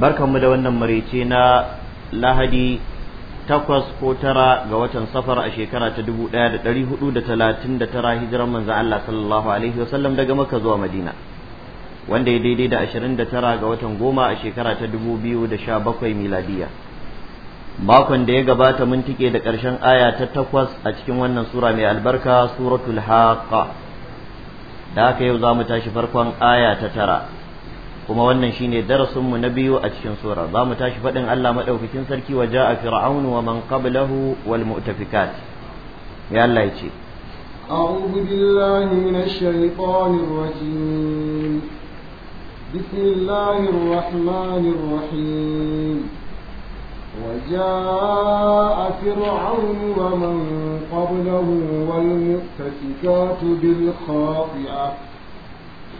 barkanmu da wannan marece na lahadi takwas ko tara ga watan safar a shekara ta dubu ɗaya da ɗari hudu da talatin da tara hijiran manzan Allah sallallahu alaihi wasallam daga maka zuwa madina wanda ya daidai da ashirin da tara ga watan goma a shekara ta dubu biyu da sha bakwai miladiya makon da ya gabata mun tike da ƙarshen aya ta takwas a cikin wannan sura mai albarka suratul haqa da haka yau za mu tashi farkon aya ta tara kuma wannan shine darasin mu na biyu a cikin sura za mu tashi faɗin Allah madaukakin sarki wa ja'a fir'aun wa man qablahu wal mu'tafikat ya Allah ya ce أعوذ بالله من الشيطان الرجيم بسم الله الرحمن الرحيم وجاء فرعون ومن قبله والمؤتفكات بالخاطئة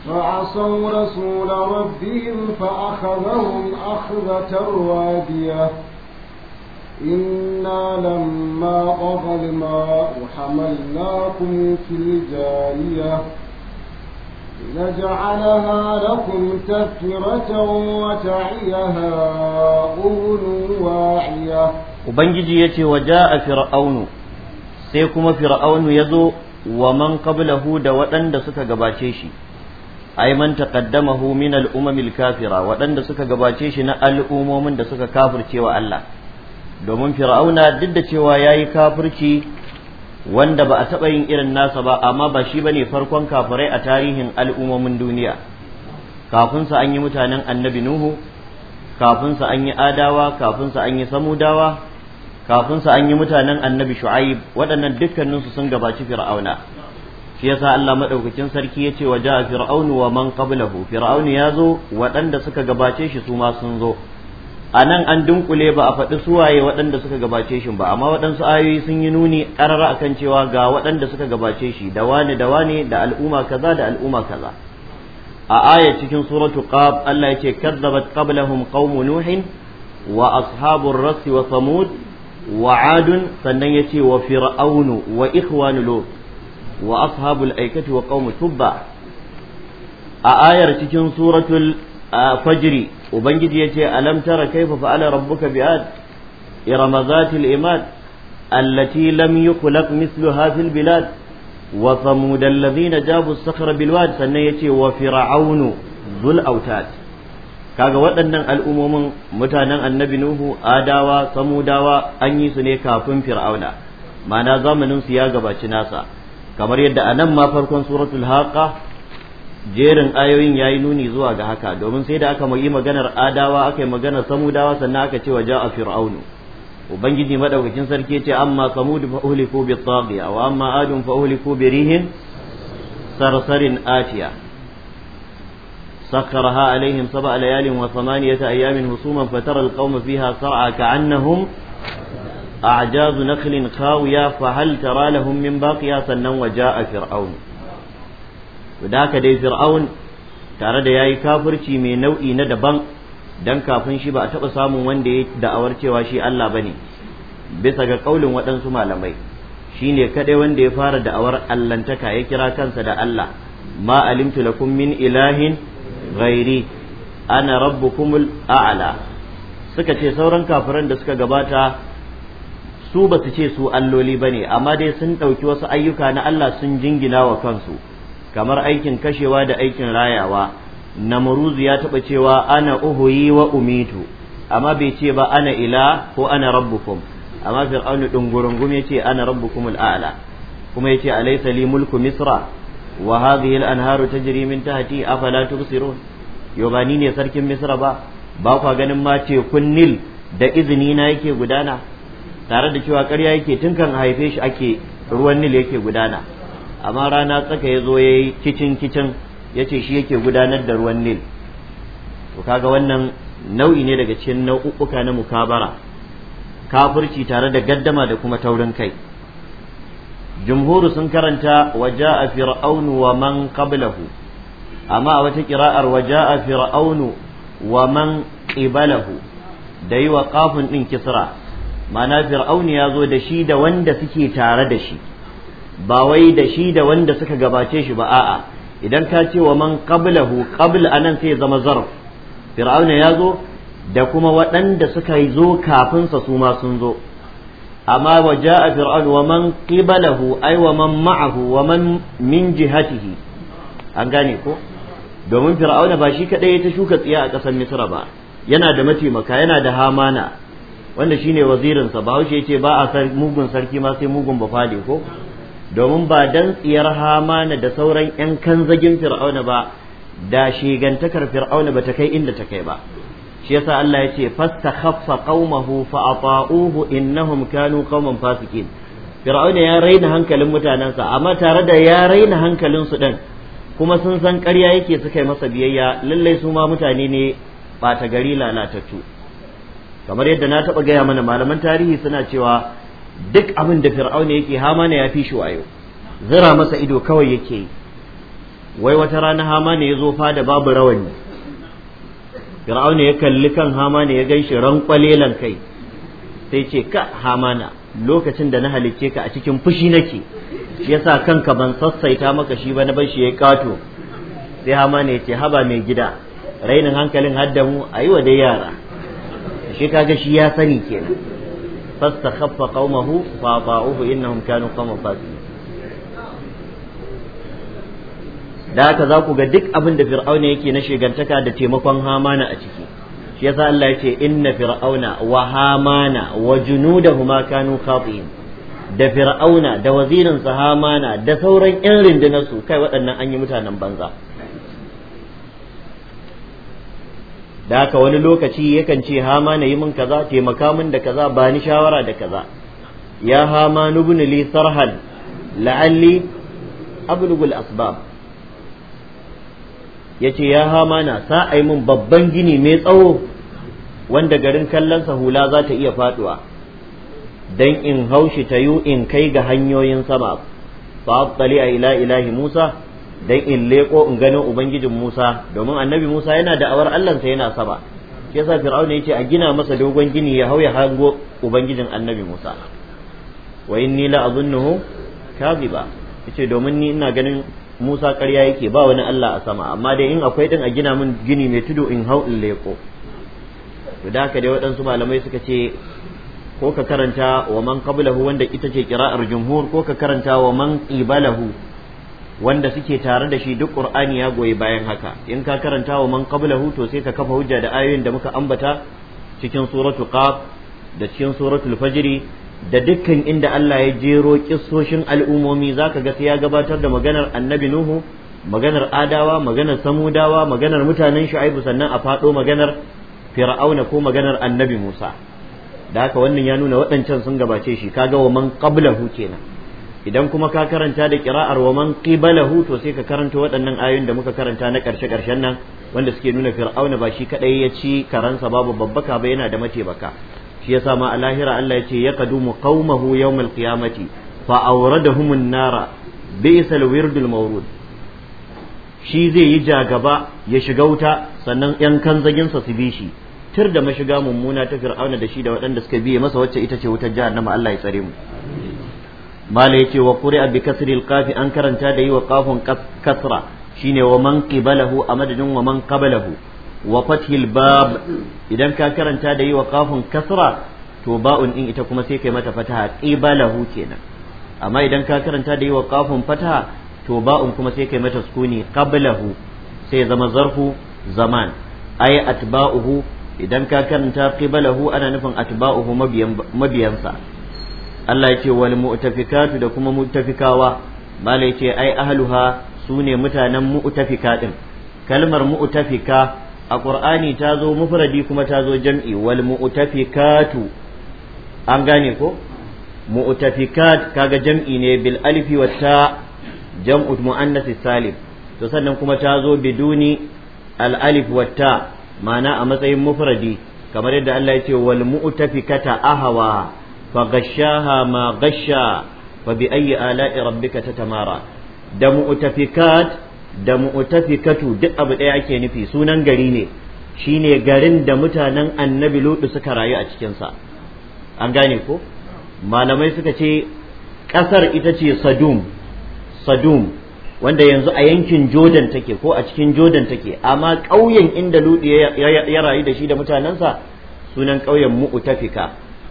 فعصوا رسول ربهم فأخذهم أخذة رابية إنا لما طغى الماء حملناكم في الجارية نجعلها لكم تذكرة وتعيها أذن واعية Ubangiji ya ce wa ja'a fir'aunu sai kuma fir'aunu ya zo wa man qablahu da waɗanda suka gabace shi ai man taqaddamahu min al-umamil kafira waɗanda suka gabace shi na al'umomin da suka kafirce wa Allah domin fir'auna duk da cewa yayi kafirci wanda ba a taɓa yin irin nasa ba amma ba shi bane farkon kafirai a tarihin al'umomin duniya kafin sa an yi mutanen annabi nuhu kafin sa an yi adawa kafin sa an yi samudawa kafin sa an yi mutanen annabi shu'aib waɗannan dukkaninsu sun gabaci fir'auna shi yasa Allah madaukakin sarki yace wa ja'a fir'aunu wa man qablahu fir'aunu yazo waɗanda suka gabace shi su ma sun zo a nan an dunkule ba a faɗi suwaye waɗanda suka gabace shi ba amma waɗansu ayoyi sun yi nuni a akan cewa ga waɗanda suka gabace shi da wani da wani da al'umma kaza da al'umma kaza a aya cikin suratu qab Allah yace kazzabat qablahum qaumu nuhin wa ashabur rasi wa samud wa adun sannan yace wa fir'aunu wa ikhwanu lut wa ashabul aikati wa qaumu tubba a ayar cikin suratul fajri ubangiji yace alam tara kaifa fa'ala rabbuka bi'ad iramazatil imad allati lam yukhlaq mithluha fil bilad wa thamud alladhina jabu as-sakhra bil wad sannan yace wa fir'aunu dhul autad kaga waɗannan al'umomin mutanen annabi nuhu adawa samudawa an yi su ne kafin fir'auna ma'ana zamaninsu ya gabaci nasa kamar yadda a nan ma farkon suratul haqa jerin ayoyin ya yi nuni zuwa ga haka domin sai da aka yi maganar adawa aka yi maganar samudawa sannan aka ce wa ja'a fir'aunu ubangiji madaukakin sarki ce amma samud fa uhliku bi taghiya wa amma adun fa uhliku bi rihin sarsarin atiya سخرها عليهم سبع ليال وثمانية أيام هصوما فترى القوم فيها صرعى كأنهم أعجاز نخل خاوية فهل ترى لهم من sannan سنن وجاء fir'aun وذاك dai fir'aun tare da ya yi kafirci mai nau'i na daban don kafin shi ba a taɓa samun wanda ya da'awar cewa shi Allah ba ne bisa ga ƙaulin waɗansu malamai shi ne kaɗai wanda ya fara da'awar allantaka ya kira kansa da Allah ma alimtu lakum min ilahin ghairi ana rabbukumul a'la suka ce sauran kafiran da suka gabata su ba su ce su alloli ba ne amma dai sun ɗauki wasu ayyuka na Allah sun jingina wa kansu kamar aikin kashewa da aikin rayawa namuruzu ya taɓa cewa ana uhuyi wa umitu amma bai ce ba ana ila ko ana rabbukum amma fir'aunu dungurungum ya ce ana rabbukum al'ala kuma ya ce alaysa li mulku misra wa hadhihi al-anharu tajri min tahti afala tubsirun yo ba ni ne sarkin misra ba ba kwa ganin ma tekun nil da izini na yake gudana tare da cewa ƙarya yake tun kan haife shi ake ruwan nil yake gudana amma rana tsaka ya zo ya yi kicin kicin ya ce shi yake gudanar da ruwan nil to kaga wannan nau'i ne daga cikin nau'uka na mukabara kafirci tare da gaddama da kuma taurin kai jumhuru sun karanta waja a fir'aunu wa man qablahu amma a wata kira'ar waja a fir'aunu wa man qibalahu da yi wa kafin din kisra ma'ana fir'auni ya zo da shi da wanda suke tare da shi ba wai da shi da wanda suka gabace shi ba a'a idan ka ce wa man qablahu qabl anan sai zama zarf fir'auna ya zo da kuma waɗanda suka yi zo kafin sa su ma sun zo amma wa ja'a fir'aun wa man qiblahu ay wa man ma'ahu wa man min jihatihi an gane ko domin fir'auna ba shi kadai ya ta shuka tsiya a ƙasar misra ba yana da mataimaka yana da hamana wanda shi ne wazirinsa ba haushe ce ba a mugun sarki ma sai mugun bafade ko domin ba dan tsiyar hamana da sauran yan kanzagin fir'auna ba da shigantakar fir'auna ba ta kai inda ta kai ba shi yasa Allah ya ce fastakhaffa qaumahu fa ata'uhu innahum kanu qauman fasikin fir'auna ya raina hankalin mutanensa amma tare da ya raina hankalin su din kuma sun san ƙarya yake suka yi masa biyayya lallai su ma mutane ne ba ta gari lalatattu kamar yadda na taɓa gaya mana malaman tarihi suna cewa duk abin da fir'auna yake hamana ya fi shi wayo zira masa ido kawai yake yi wai wata rana hamana ya zo fada babu rawani fir'auna ya kalli kan hamana ya gan shi rankwalelan kai sai ce ka hamana lokacin da na halicce ka a cikin fushi nake shi yasa kanka ban sassaita maka shi ba na bar shi ya kato sai hamana ya ce haba mai gida rainin hankalin haddamu a yi wa dai yara ashe kaga shi ya sani kenan fastakhaffa qaumahu fa ba'uhu innahum kanu qauman fasiqin da haka za ku ga duk abin da fir'auna yake na shigantaka da taimakon hamana a ciki shi yasa Allah ya ce inna fir'auna wa hamana wa junudahuma kanu khatin da fir'auna da wazirinsa hamana da sauran 'yan rindunarsu kai waɗannan an yi mutanen banza da haka wani lokaci yakan ce hama na yi min kaza taimaka min da kaza ba ni shawara da kaza ya hama nubni li sarhan la'alli ablugul asbab ya ce ya hama na sa yi min babban gini mai tsawo wanda garin kallonsa hula za ta iya faduwa dan in haushi ta in kai ga hanyoyin sama fa ila ilahi musa dan in leko in gano ubangijin Musa domin annabi Musa yana da'awar Allahnsa yana saba shi yasa Fir'auna yace a gina masa dogon gini ya hauya hango ubangijin annabi Musa wa inni la azunnuhu kadhiba yace domin ni ina ganin Musa ƙarya yake ba wani Allah a sama amma dai in akwai din a gina min gini mai tudu in hau in leko to da haka dai waɗansu malamai suka ce ko ka karanta wa man qablahu wanda ita ce qira'ar jumhur ko ka karanta wa man qibalahu wanda suke tare da shi duk qur'ani ya goyi bayan haka in ka karanta wa man qablahu to sai ka kafa hujja da ayoyin da muka ambata cikin suratul qaf da cikin suratul fajri da dukkan inda Allah ya jero kissoshin al'umomi zaka ga sai ya gabatar da maganar annabi nuhu maganar adawa maganar samudawa maganar mutanen shu'aibu sannan a fado maganar fir'auna ko maganar annabi musa da haka wannan ya nuna waɗancan sun gabace shi kaga wa man qablahu kenan idan kuma ka karanta da kira'ar wa man qibalahu to sai ka karanta waɗannan ayoyin da muka karanta na ƙarshe ƙarshen nan wanda suke nuna fir'auna ba shi kadai ya ci karansa babu babbaka ba yana da mataimaka shi yasa ma alahira Allah ya ce ya kadumu qaumahu yawmal qiyamati fa awradahum an-nara bi'sal wirdul mawrud shi zai yi jagaba ya shiga wuta sannan yan kanzaginsa su bi shi tir da mashiga mummuna ta fir'auna da shi da waɗanda suka biye masa wacce ita ce wutar jahannama Allah ya tsare mu malai yake wa kuri abi kasri al an karanta da yi wa qafun kasra shine wa man qibalahu a madadin wa man qabalahu wa fathil bab idan ka karanta da yi wa qafun kasra to ba'un in ita kuma sai kai mata fataha qibalahu kenan amma idan ka karanta da yi wa qafun fataha to ba'un kuma sai kai mata sukuni qablahu sai zama zarfu zaman ay atba'uhu idan ka karanta qibalahu ana nufin atba'uhu mabiyansa Allah yake wal mu'tafikatu da kuma mu'tafikawa mala yake ai ahluha sune mutanen mu'tafika din kalmar mu'tafika a qur'ani ta zo mufradi kuma ta zo jam'i wal mu'tafikatu an gane ko mu'tafikat kaga jam'i ne bil alifi wa ta jam'u muannath salim to sannan kuma ta zo biduni al alif wa ta ma'ana a matsayin mufradi kamar yadda Allah ya ce wal mu'tafikata ahawa فغشاها ما غشا فبأي آلاء ربك تتمارى da mu'tafikat da mu'tafikatu duk abu ɗaya ake nufi sunan gari ne shine garin da mutanen annabi lutu suka rayu a cikinsa an gane ko malamai suka ce ƙasar ita ce sadum sadum wanda yanzu a yankin jordan take ko a cikin jordan take amma ƙauyen inda lutu ya rayu da shi da mutanensa sunan ƙauyen mu'tafika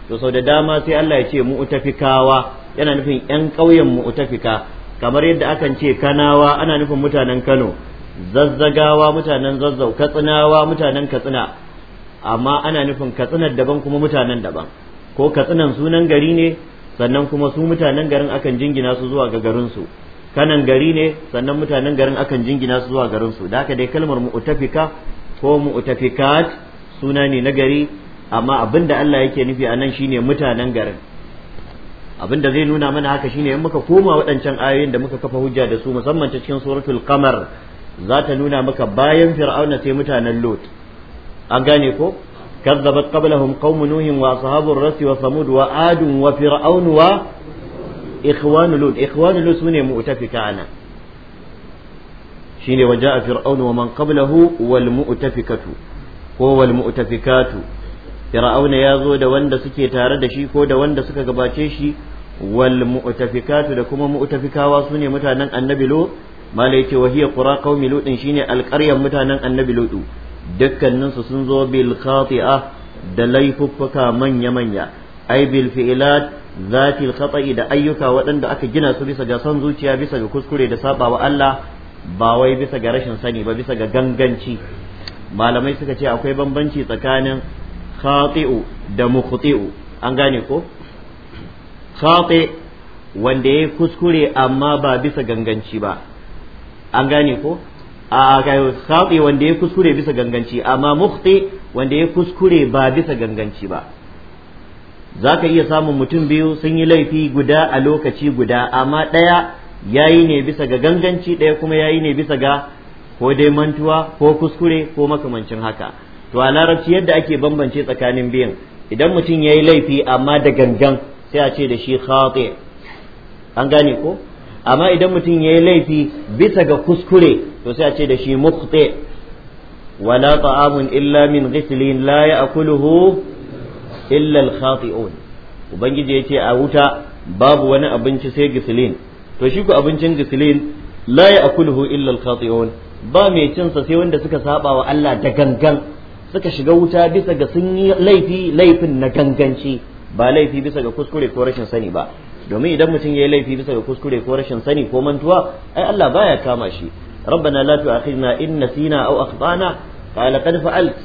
to sau da dama sai Allah ya ce mu utafikawa yana nufin yan ƙauyen mu utafika. kamar yadda akan ce kanawa ana nufin mutanen Kano zazzagawa mutanen zazzau katsinawa mutanen katsina amma ana nufin katsinar daban kuma mutanen daban ko katsinan sunan gari ne sannan kuma su mutanen garin akan jingina su zuwa ga garinsu kanan gari ne sannan mutanen garin akan jingina su zuwa garinsu da haka dai kalmar utafika ko mu utafikat suna ne na gari amma abin da Allah yake nufi a nan shine mutanen garin abin da zai nuna mana haka shine in muka koma waɗancan ayoyin da muka kafa hujja da su musamman ta cikin suratul qamar za ta nuna maka bayan fir'auna sai mutanen lot an gane ko kazzabat qablahum qaum nuhin wa ashabur rasi wa samud wa adun wa fir'aun wa ikhwan lut ikhwanu lut sune mu'tafika ana shine wa ja'a fir'aun wa man qablahu wal mu'tafikatu ko wal mu'tafikatu fir'auna ya zo da wanda suke tare da shi ko da wanda suka gabace shi wal da kuma mu'tafikawa sune mutanen annabi lo mala wa hiya qura qaumi lutin shine alqaryan mutanen annabi lutu dukkanin su sun zo bil khati'a da laifuffuka manya manya ai bil fi'ilat zati da ayyuka waɗanda aka gina su bisa ga son zuciya bisa ga kuskure da saɓawa Allah ba wai bisa ga rashin sani ba bisa ga ganganci malamai suka ce akwai bambanci tsakanin khati'u da mukhti'u an gane ko khati wanda ya kuskure amma ba bisa ganganci ba an gane ko a khati wanda ya kuskure bisa ganganci amma mukhti wanda ya kuskure ba bisa ganganci ba za ka iya samun mutum biyu sun yi laifi guda a lokaci guda amma ɗaya ya yi ne bisa ga ganganci ɗaya kuma ya yi ne bisa ga ko dai mantuwa ko kuskure ko makamancin haka to a larabci yadda ake bambance tsakanin biyan idan mutum ya yi laifi amma da gangan sai a ce da shi khati an gane ko amma idan mutum ya yi laifi bisa ga kuskure to sai a ce da shi mukhti wala ta'amun illa min ghislin la ya'kuluhu illa al-khati'un ubangiji yace a wuta babu wani abinci sai gisilin to shi ku abincin gisilin la ya'kuluhu illa al-khati'un ba mai cinsa sai wanda suka saba wa Allah da gangan suka shiga wuta bisa ga sun yi laifi laifin na ganganci ba laifi bisa ga kuskure ko rashin sani ba domin idan mutum ya yi laifi bisa ga kuskure ko rashin sani ko mantuwa ai Allah baya kama shi ربنا لا تؤاخذنا إن نسينا أو أخطأنا قال قد فعلت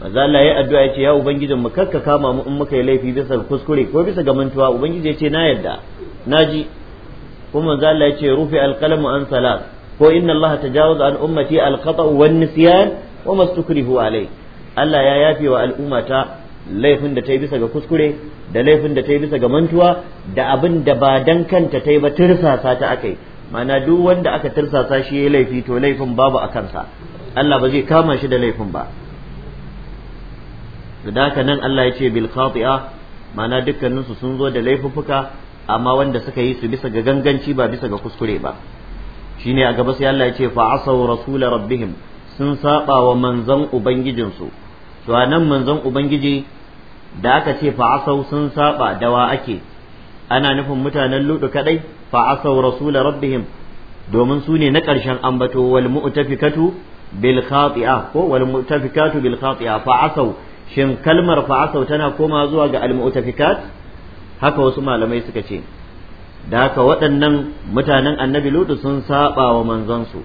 maza Allah ya addu'a yace ya ubangijin mu karka kama mu in muka yi laifi bisa kuskure ko bisa ga mantuwa ubangiji yace na yadda naji kuma manzo Allah yace rufi alqalamu an salat ko inna Allah tajawaza an ummati alqata wan nisyan wa mastukrihu alai Allah ya yafe wa al'umma laifin da ta yi bisa ga kuskure da laifin da ta yi bisa ga mantuwa da abin da ba dan kanta ta yi ba tirsasa ta akai mana duk wanda aka tirsasa shi ya laifi to laifin babu a kansa Allah ba zai kama shi da laifin ba da haka nan Allah ya ce bil khati'a mana dukkaninsu sun zo da laifuffuka amma wanda suka yi su bisa ga ganganci ba bisa ga kuskure ba shine a gaba sai Allah ya ce fa asaw rasula rabbihim sun saba wa manzon ubangijinsu to anan manzon ubangiji da aka ce fa'asau sun saba dawa ake ana nufin mutanen ludu kadai fa'asau rasul rabbihim domin su ne na ƙarshen ambato wal mu'tafikatu bil khati'a ko wal mu'tafikatu bil khati'a fa'asau shin kalmar fa'asau tana koma zuwa ga al mu'tafikat haka wasu malamai suka ce da haka waɗannan mutanen annabi ludu sun saba wa manzon su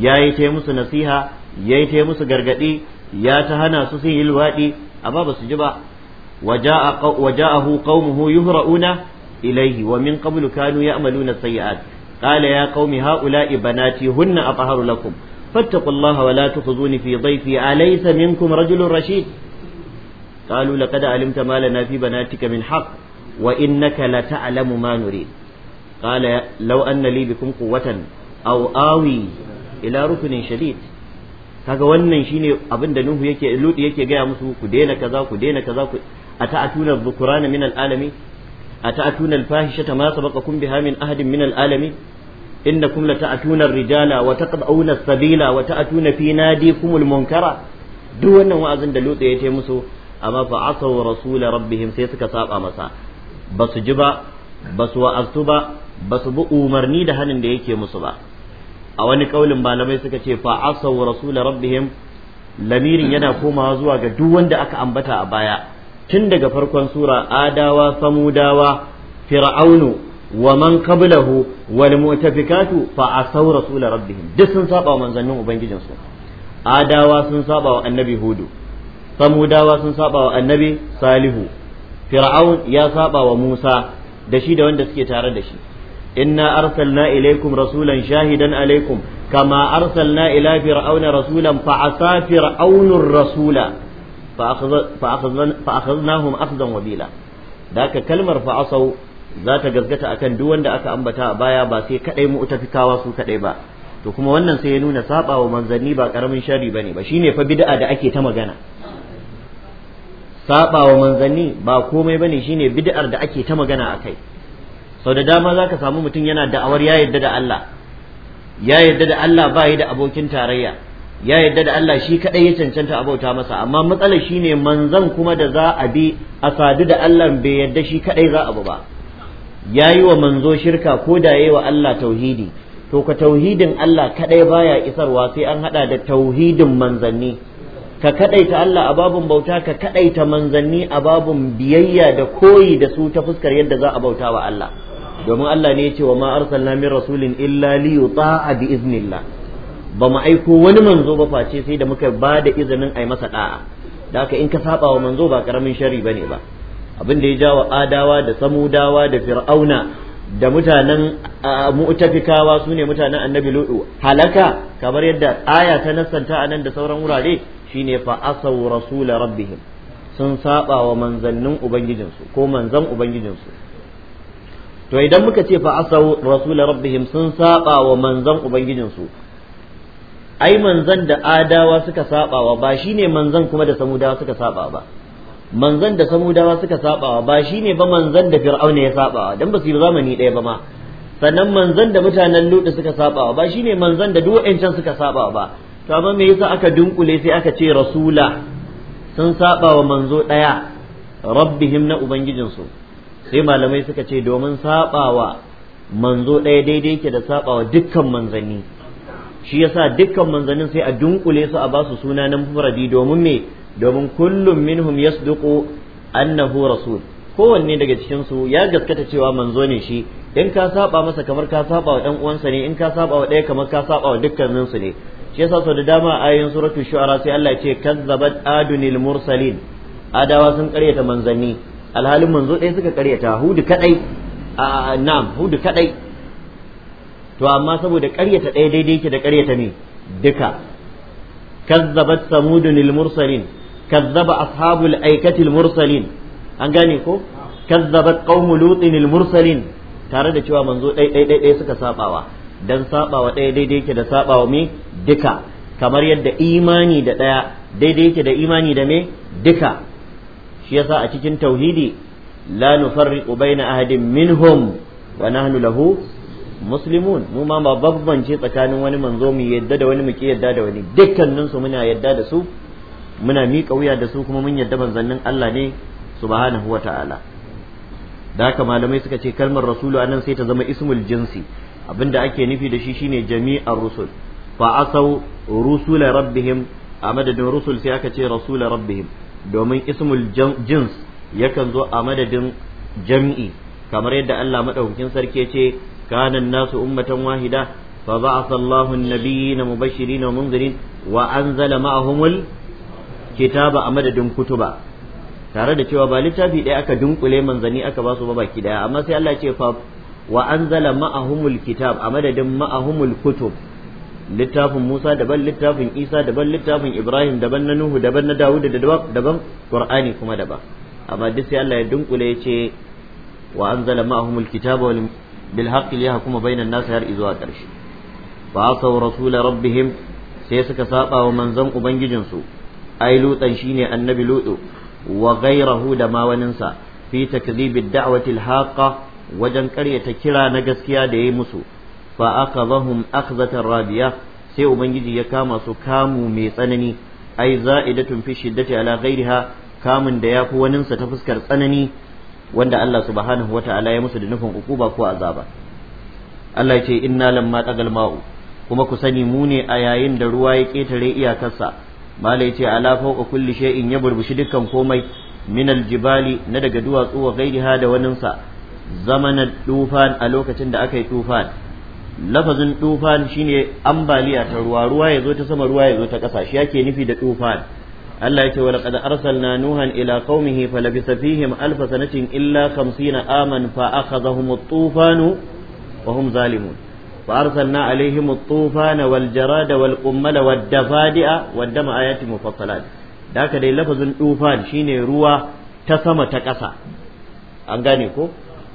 ya yi ta musu nasiha ya yi ta musu gargadi ya ta hana su sun yi lwaɗi amma ba su ji ba wa ja'ahu qaumuhu yuhra'una ilayhi wa min qablu kanu ya'maluna sayi'at qala ya qaumi haula'i banati hunna afharu lakum fattaqullaha wa la tukhzuni fi dayfi alaysa minkum rajulun rashid قالوا لقد علمت ما لنا في بناتك من حق وإنك لتعلم ما نريد قال لو أن لي بكم قوة أو آوي ila rukunin shadid kaga wannan shine abin da nuhu yake lut yake gaya musu ku daina kaza ku daina kaza ku ata'atuna dhukurana min al'alami ata'atuna al-fahishata ma sabaqakum biha min ahadin min al'alami innakum lata'atuna ar-rijala wa taqta'una as-sabila wa ta'atuna fi nadikum al-munkara duk wannan wa'azin da lut ya musu amma fa asaw rasul rabbihim sai suka saba masa basu ji ba basu wa'aztu ba basu bi umarni da hanin da yake musu ba a wani kaulin malamai suka ce fa asaw rasul rabbihim lamirin yana komawa zuwa ga duk wanda aka ambata a baya tun daga farkon sura adawa samudawa fir'aunu wa man qablahu wal mu'tafikatu fa asaw rasul rabbihim duk sun saba wa manzannin ubangijinsu adawa sun saba wa annabi hudu samudawa sun saba wa annabi salihu fir'aun ya saba wa musa da shi da wanda suke tare da shi inna arsalna ilaikum rasulan shahidan alaikum kama arsalna ila fir'auna rasulan fa asa fir'aunur rasula wabila da haka kalmar fa'asau zata za akan duk wanda aka ambata a baya ba sai kadai mu'tafikawa su kadai ba to kuma wannan sai ya nuna saba wa manzanni ba karamin shari bane ba shine fa bid'a da ake ta magana saba wa manzanni ba komai bane shine bid'ar da ake ta magana a kai. sau da dama za ka samu mutum yana da'awar ya yadda da Allah ya yadda da Allah ba yi da abokin tarayya ya yadda da Allah shi kaɗai ya cancanta abauta masa amma matsalar shi ne manzan kuma da za a bi a sadu da Allah bai yadda shi kaɗai za a bu ba ya yi wa manzo shirka ko da ya yi wa Allah tauhidi to ka tauhidin Allah kaɗai baya isarwa sai an haɗa da tauhidin manzanni ka kaɗaita Allah a babun bauta ka kaɗaita manzanni a babun biyayya da koyi da su ta fuskar yadda za a bauta wa Allah domin Allah ne ya ce wa ma arsalna min rasulin illa li yuta'a bi iznillah ba mu aiko wani manzo ba face sai da muka ba da izinin ai masa da'a da haka in ka saba wa manzo ba karamin shari bane ba abin da ya jawo adawa da samudawa da fir'auna da mutanen mu'tafikawa su ne mutanen annabi lu'u halaka kamar yadda aya ta nassanta a nan da sauran wurare shine fa asaw rasul rabbihim sun saba wa manzannin ubangijinsu ko manzan ubangijinsu to idan muka ce fa asau rasul rabbihim sun saba wa manzan ubangijinsu ai manzan da adawa suka wa ba shine manzan kuma da samudawa suka saba ba manzan da samudawa suka wa ba shine ba manzan da fir'auna ya wa dan ba su yi zamani ɗaya ba ma sannan manzan da mutanen lutu suka wa ba shine manzan da duk wa'ancan suka wa ba to amma me yasa aka dunkule sai aka ce rasula sun wa manzo ɗaya rabbihim na ubangijinsu sai malamai suka ce domin sabawa manzo ɗaya daidai ke da sabawa dukkan manzanni shi yasa dukkan manzannin sai a dunkule su a basu suna na mufradi domin me domin kullum minhum yasduqu annahu rasul kowanne daga cikin su ya gaskata cewa manzo ne shi in ka saba masa kamar ka saba wa dan uwansa ne in ka saba wa ɗaya kamar ka saba wa dukkanin su ne shi yasa sau da dama a ayoyin suratul shu'ara sai Allah ya ce kazzabat adunil mursalin adawa sun karyata manzanni alhalin manzo ɗaya suka karyata hudu kadai a na'am hudu kadai to amma saboda karyata ɗaya daidai yake da karyata ne duka kazzabat samudun lil mursalin kazzaba ashabul aikatil mursalin an gane ko kazzabat qaumu lutin lil mursalin tare da cewa manzo ɗaya ɗaya suka sabawa dan sabawa ɗaya daidai yake da sabawa me duka kamar yadda imani da ɗaya daidai yake da imani da me duka shi yasa a cikin tauhidi la nufarriqu baina ahadin minhum wa nahnu lahu muslimun mu ma babbance tsakanin wani manzo mu yadda da wani mu ki yadda da wani dukkanin su muna yadda da su muna miƙa wuya da su kuma mun yadda manzannin Allah ne subhanahu wa ta'ala da haka malamai suka ce kalmar rasulu anan sai ta zama ismul jinsi abinda ake nufi da shi shine jami'ar rusul fa asau rusula rabbihim a madadin rusul sai aka ce rasula rabbihim domin ismul jins yakan zo a madadin jam'i kamar yadda Allah madaukakin sarki ce kana nasu ummatan wahida fa ba'atha Allahu an-nabiyina mubashirin wa munzirin wa anzala ma'ahumul kitaba a madadin kutuba tare da cewa ba littafi ɗaya aka dunkule manzani aka ba su ba baki ɗaya amma sai Allah ce fa wa anzala ma'ahumul kitab a madadin ma'ahumul kutub littafin Musa daban littafin Isa daban littafin Ibrahim daban na Nuhu daban na Dawud daban Qur'ani kuma daban amma duk sai Allah ya dunkule ya ce wa anzala ma'ahumul kitaba wal bil haqqi liyahkuma bainan nas har izuwa karshe fa asaw rasul rabbihim sai suka saba wa manzon ubangijin su ai lutan shine annabi lutu wa ghayrahu da ma waninsa fi takdhibid da'wati al haqqa wajen karyata kira na gaskiya da yayi musu fa akhadhahum akhzatan radiya sai ubangiji ya kama su kamu mai tsanani ai za'idatun fi shiddati ala ghairiha kamun da yafi waninsa ta fuskar tsanani wanda Allah subhanahu wata'ala ya musu da nufin ukuba ko azaba Allah ce inna lamma tagal ma'u kuma ku sani mu ne a yayin da ruwa ya ketare iyakarsa malai ce ala fawqa kulli shay'in ya burbushi dukkan komai min aljibali na daga duwatsu wa ghairiha da waninsa zamanan tufan a lokacin da aka yi tufan lafazin tufan shine ambaliya ta ruwa ruwa ya zo ta sama ruwa ya zo ta ƙasa shi yake nufi da tufan Allah yake wala qad arsalna nuhan ila qaumihi falabisa fihim alf sanatin illa kamsina aman fa akhadhahum at-tufan wa hum zalimun fa arsalna alaihim at-tufan wal jarada wal qummal wad dafadi'a wad dama ayati mufassalat da dai lafazin tufan shine ruwa ta sama ta ƙasa an gane ko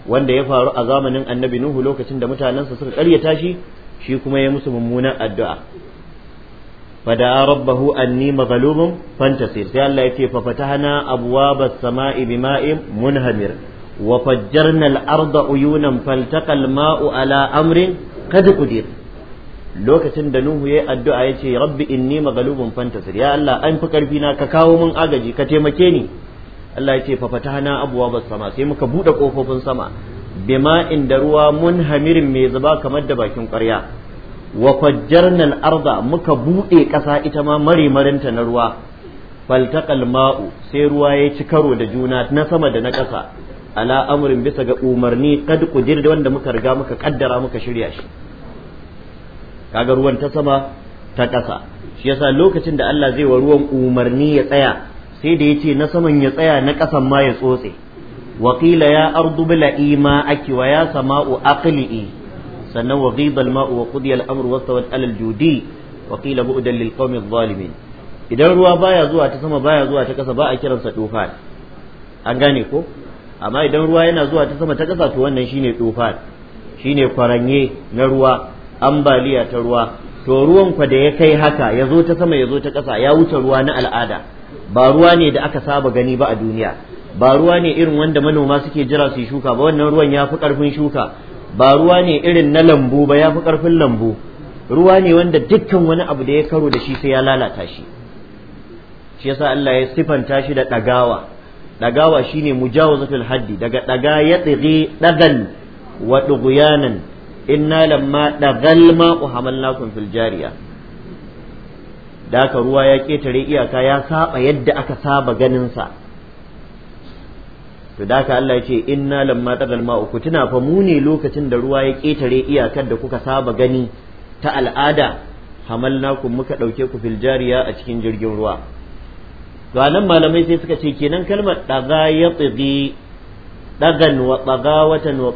wanda ya faru a zamanin annabi nuhu lokacin da mutanensa suka karyata shi shi kuma ya musu mummunan addu'a fada rabbahu anni maghlubun fantasir sai Allah yake fa fatahna abwaba samai bima'in munhamir wa fajjarna al-arda uyunan faltaqa al-ma'u ala amrin qad qudir lokacin da nuhu yayi addu'a yace rabbi inni maghlubun fantasir ya Allah an fi karfi na ka kawo mun agaji ka taimake ni Allah ya ce fa fatahna abwaba sama sai muka bude kofofin sama bima inda ruwa mun hamirin mai zuba kamar da bakin ƙwarya wa fajjarna al-arda muka bude ƙasa ita ma marimarinta na ruwa faltaqal ma'u sai ruwa ya ci karo da juna na sama da na ƙasa ala amrin bisa ga umarni kad kudir da wanda muka riga muka kaddara muka shirya shi kaga ruwan ta sama ta ƙasa shi yasa lokacin da Allah zai wa ruwan umarni ya tsaya sai da yace na saman ya tsaya na ƙasan ma ya tsotse ya وقيل wa ghidha al-ma'u wa qudiya al-amru wa sawat al-judi wa qila bu'dan lil qawmi للقوم الظالمين idan ruwa baya zuwa ta sama baya zuwa ta kasa ba a kiransa tufan an gane ko amma idan ruwa yana zuwa ta sama ta kasa to wannan shine tufan shine kwaranye na ruwa ambaliya ta ruwa to ruwan kwa da ya kai haka ya zo ta sama ya zo ta kasa ya wuce ruwa na al'ada ba ruwa ne da aka saba gani ba a duniya ba ruwa ne irin wanda manoma suke jira su shuka ba wannan ruwan ya fi ƙarfin shuka ba ruwa ne irin na lambu ba ya fi ƙarfin lambu ruwa ne wanda dukkan wani abu da ya karo da shi sai ya lalata shi shi yasa Allah ya sifanta shi da ɗagawa ɗagawa shine mujawazatul haddi daga ɗaga ya tsige dagal wa dughyanan inna lamma dagal ma hamalnakum fil jariya da aka ruwa ya ƙetare iyaka ya saba yadda aka saba ganinsa to da aka Allah ya ce inna lamma tadal ma'u ku tuna fa mu ne lokacin da ruwa ya ƙetare iyakar da kuka saba gani ta al'ada hamalnakum muka ɗauke ku fil jariya a cikin jirgin ruwa to anan malamai sai suka ce kenan kalmar daga ya tsigi dagan wa tsaga watan wa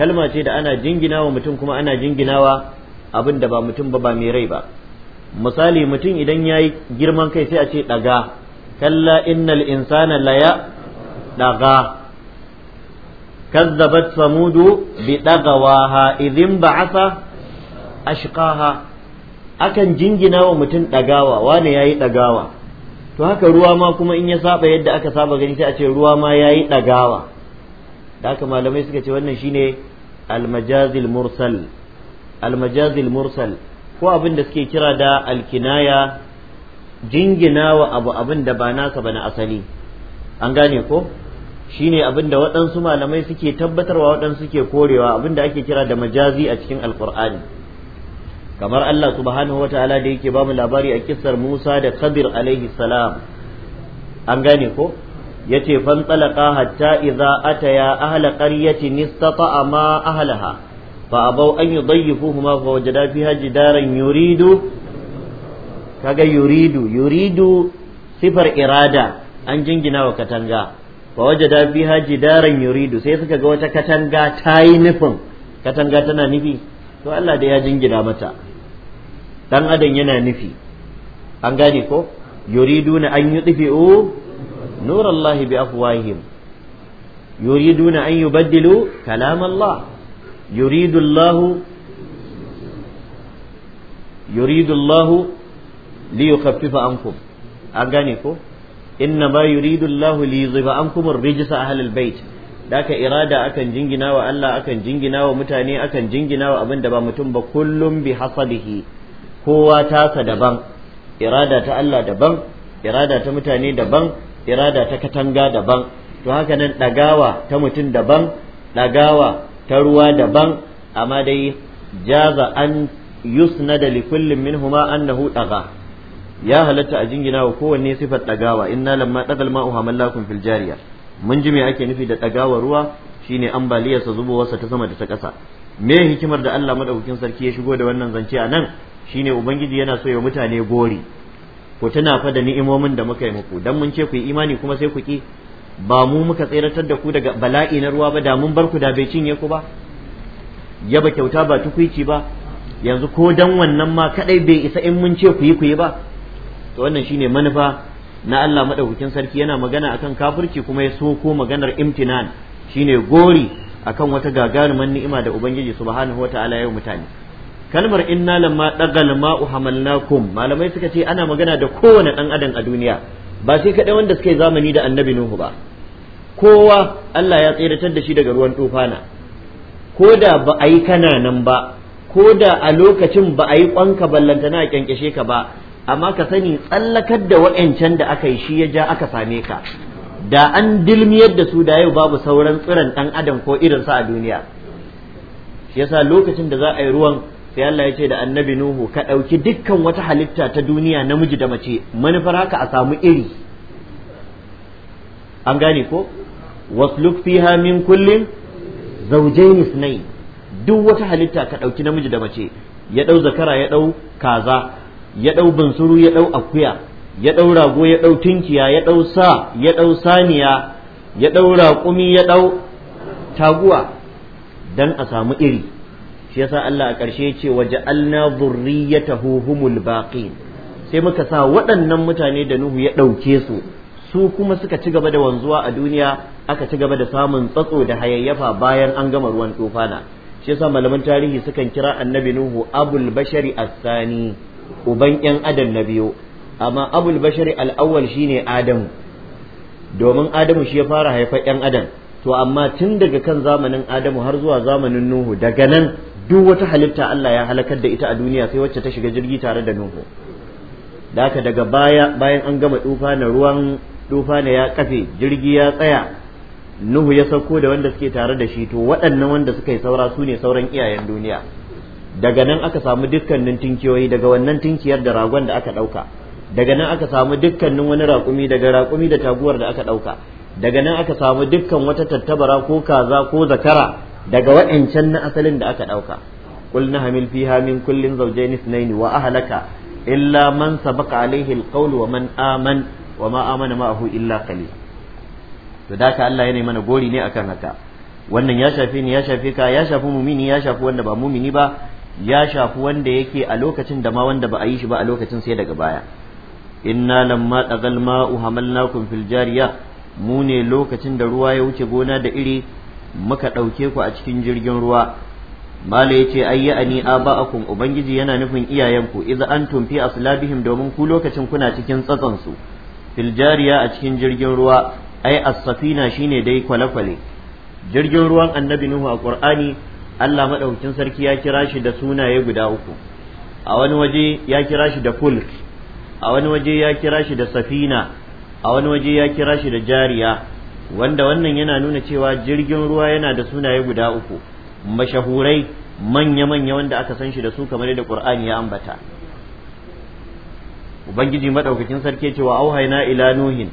kalma ce da ana jinginawa mutum kuma ana jinginawa abinda ba mutum ba ba mai rai ba misali mutum idan ya yi girman kai sai a ce ɗaga kalla innal insana laya ɗaga kazzabat samudu bi ɗagawaha idin ba'asa ashqaha akan jingina wa mutum ɗagawa wane ya yi ɗagawa to haka ruwa ma kuma in ya saba yadda aka saba gani sai a ce ruwa ma ya yi ɗagawa da haka malamai suka ce wannan shine almajazil almajazil mursal ko abin da suke kira da alkinaya jingina wa abu abin da ba nasa ba na asali an gane ko shi ne abin da waɗansu malamai suke tabbatarwa waɗansu suke korewa abin da ake kira da majazi a cikin alkur'ani kamar Allah subhanahu ta'ala da yake bamu labari a kisar Musa da Khadir alaihi salam an gane ko yace fan talaqa hatta idza ataya ahla qaryatin istata'a ma ahlaha فأبوا أن يضيفوهما فوجدا فيها جدارا يريد jingina يريد يريد صفر إرادة أن جنجنا وكتنجا فوجدا فيها جدارا يريد سيسكا katanga ta تاي نفن katanga تنا نفي to Allah da ya jingina mata dan adam yana nufi an gane ko yuriduna an yudfi'u nurallahi bi afwahihim yuriduna an yubaddilu baddilu Allah يريد الله يريد الله ليخفف عنكم أغانيكو إنما يريد الله ليذهب عنكم الرجس أهل البيت daka irada akan jingina wa Allah akan jingina wa mutane akan jingina wa abin ba mutum ba kullum bi hasabihi kowa tasa daban irada ta Allah daban irada ta mutane daban irada ta katanga daban to haka nan ta mutum daban ɗagawa. ta ruwa daban amma dai jaza an yusna yusnada li kullin minhuma annahu daga ya halatta a jingina wa kowanne sifar dagawa inna lamma dagal ma'u hamallakum fil jariya mun ji me ake nufi da dagawa ruwa shine ambaliyarsa zubowarsa ta sama da ta ƙasa me hikimar da Allah madaukakin sarki ya shigo da wannan zance a nan Shi ne ubangiji yana so ya mutane gori ku tuna fa da ni'imomin da muka yi muku dan mun ce ku yi imani kuma sai ku ki ba mu muka tseratar da ku daga bala'i na ruwa ba da mun bar ku da bai cinye ku ba yaba kyauta ba tukuici ba yanzu ko dan wannan ma kadai bai isa in mun ce ku yi ku yi ba to wannan shine manufa na Allah madaukakin sarki yana magana akan kafirci kuma ya soko maganar imtinan shine gori akan wata gagarumar ni'ima da ubangiji subhanahu wataala ya yi mutane kalmar inna lamma dagal ma'u hamalnakum malamai suka ce ana magana da kowane dan adam a duniya ba sai kadai wanda suka yi zamani da annabi nuhu ba kowa Allah ya tseratar da shi daga ruwan tufana ko da ba a yi kana nan ba ko da a lokacin ba a yi kwanka ballantana a kyankyashe ka ba amma ka sani tsallakar da wa'yancan da aka yi shi ya ja aka same ka da an dilmiyar da su da yau babu sauran tsiran ɗan adam ko irinsa a duniya shi yasa lokacin da za a yi ruwan sai Allah ya ce da annabi Nuhu ka ɗauki dukkan wata halitta ta duniya namiji da mace manufar haka a samu iri an gane ko wasluk fiha min kullin zawjayn misnai duk wata halitta ka ɗauki namiji da mace ya ɗau zakara ya ɗau kaza ya ɗau bunsuru ya ɗau akuya ya ɗau rago ya ɗau tinkiya ya ɗau sa ya ɗau saniya ya ɗau raƙumi ya ɗau taguwa dan a samu iri shi yasa Allah a ƙarshe ce waje alna zurriyatahu humul baqin sai muka sa waɗannan mutane da Nuhu ya ɗauke su su kuma suka ci gaba da wanzuwa a duniya aka ci gaba da samun tsatso da hayayyafa bayan an gama ruwan tufana shi yasa malaman tarihi sukan kira annabi nuhu abul bashari asani uban yan adam na biyu amma abul bashari al-awwal shine adamu domin adamu shi ya fara haifar yan adam to amma tun daga kan zamanin adamu har zuwa zamanin nuhu daga nan duk wata halitta Allah ya halakar da ita a duniya sai wacce ta shiga jirgi tare da nuhu da haka daga baya bayan an gama tufa ruwan tufa ya kafe jirgi ya tsaya nuhu ya sauko da wanda suke tare da shi to waɗannan wanda suka yi saura su ne sauran iyayen duniya daga nan aka samu dukkanin tunkiyoyi daga wannan tunkiyar da ragon da aka ɗauka daga nan aka samu dukkanin wani raƙumi daga raƙumi da taguwar da aka ɗauka daga nan aka samu dukkan wata tattabara ko kaza ko zakara daga waɗancan na asalin da aka ɗauka قل نهمل فيها من كل زوجين اثنين وأهلك إلا من سبق عليه القول ومن آمن وما آمن معه إلا قليل to da ka Allah yana mana gori ne akan haka wannan ya shafi ni ya shafi ka ya shafi mumini ya shafi wanda ba mumini ba ya shafi wanda yake a lokacin da ma wanda ba a yi shi ba a lokacin sai daga baya inna lamma tagal ma'u hamalnakum fil jariya mu ne lokacin da ruwa ya wuce gona da iri muka ɗauke ku a cikin jirgin ruwa mala yace ayya ani aba'akum ubangiji yana nufin iyayenku idza antum fi aslabihim domin ku lokacin kuna cikin tsatsan su fil jariya a cikin jirgin ruwa ai as-safina shine dai kwale-kwale jirgin ruwan annabi nuhu a qur'ani Allah madaukakin sarki ya kira shi da sunaye guda uku a wani waje ya kira shi da fulk a wani waje ya kira shi da safina a wani waje ya kira shi da jariya wanda wannan yana nuna cewa jirgin ruwa yana da sunaye guda uku mashahurai manya-manya wanda aka san shi da su kamar da qur'ani ya ambata ubangiji madaukakin sarki ce ya wa auhaina ila nuhin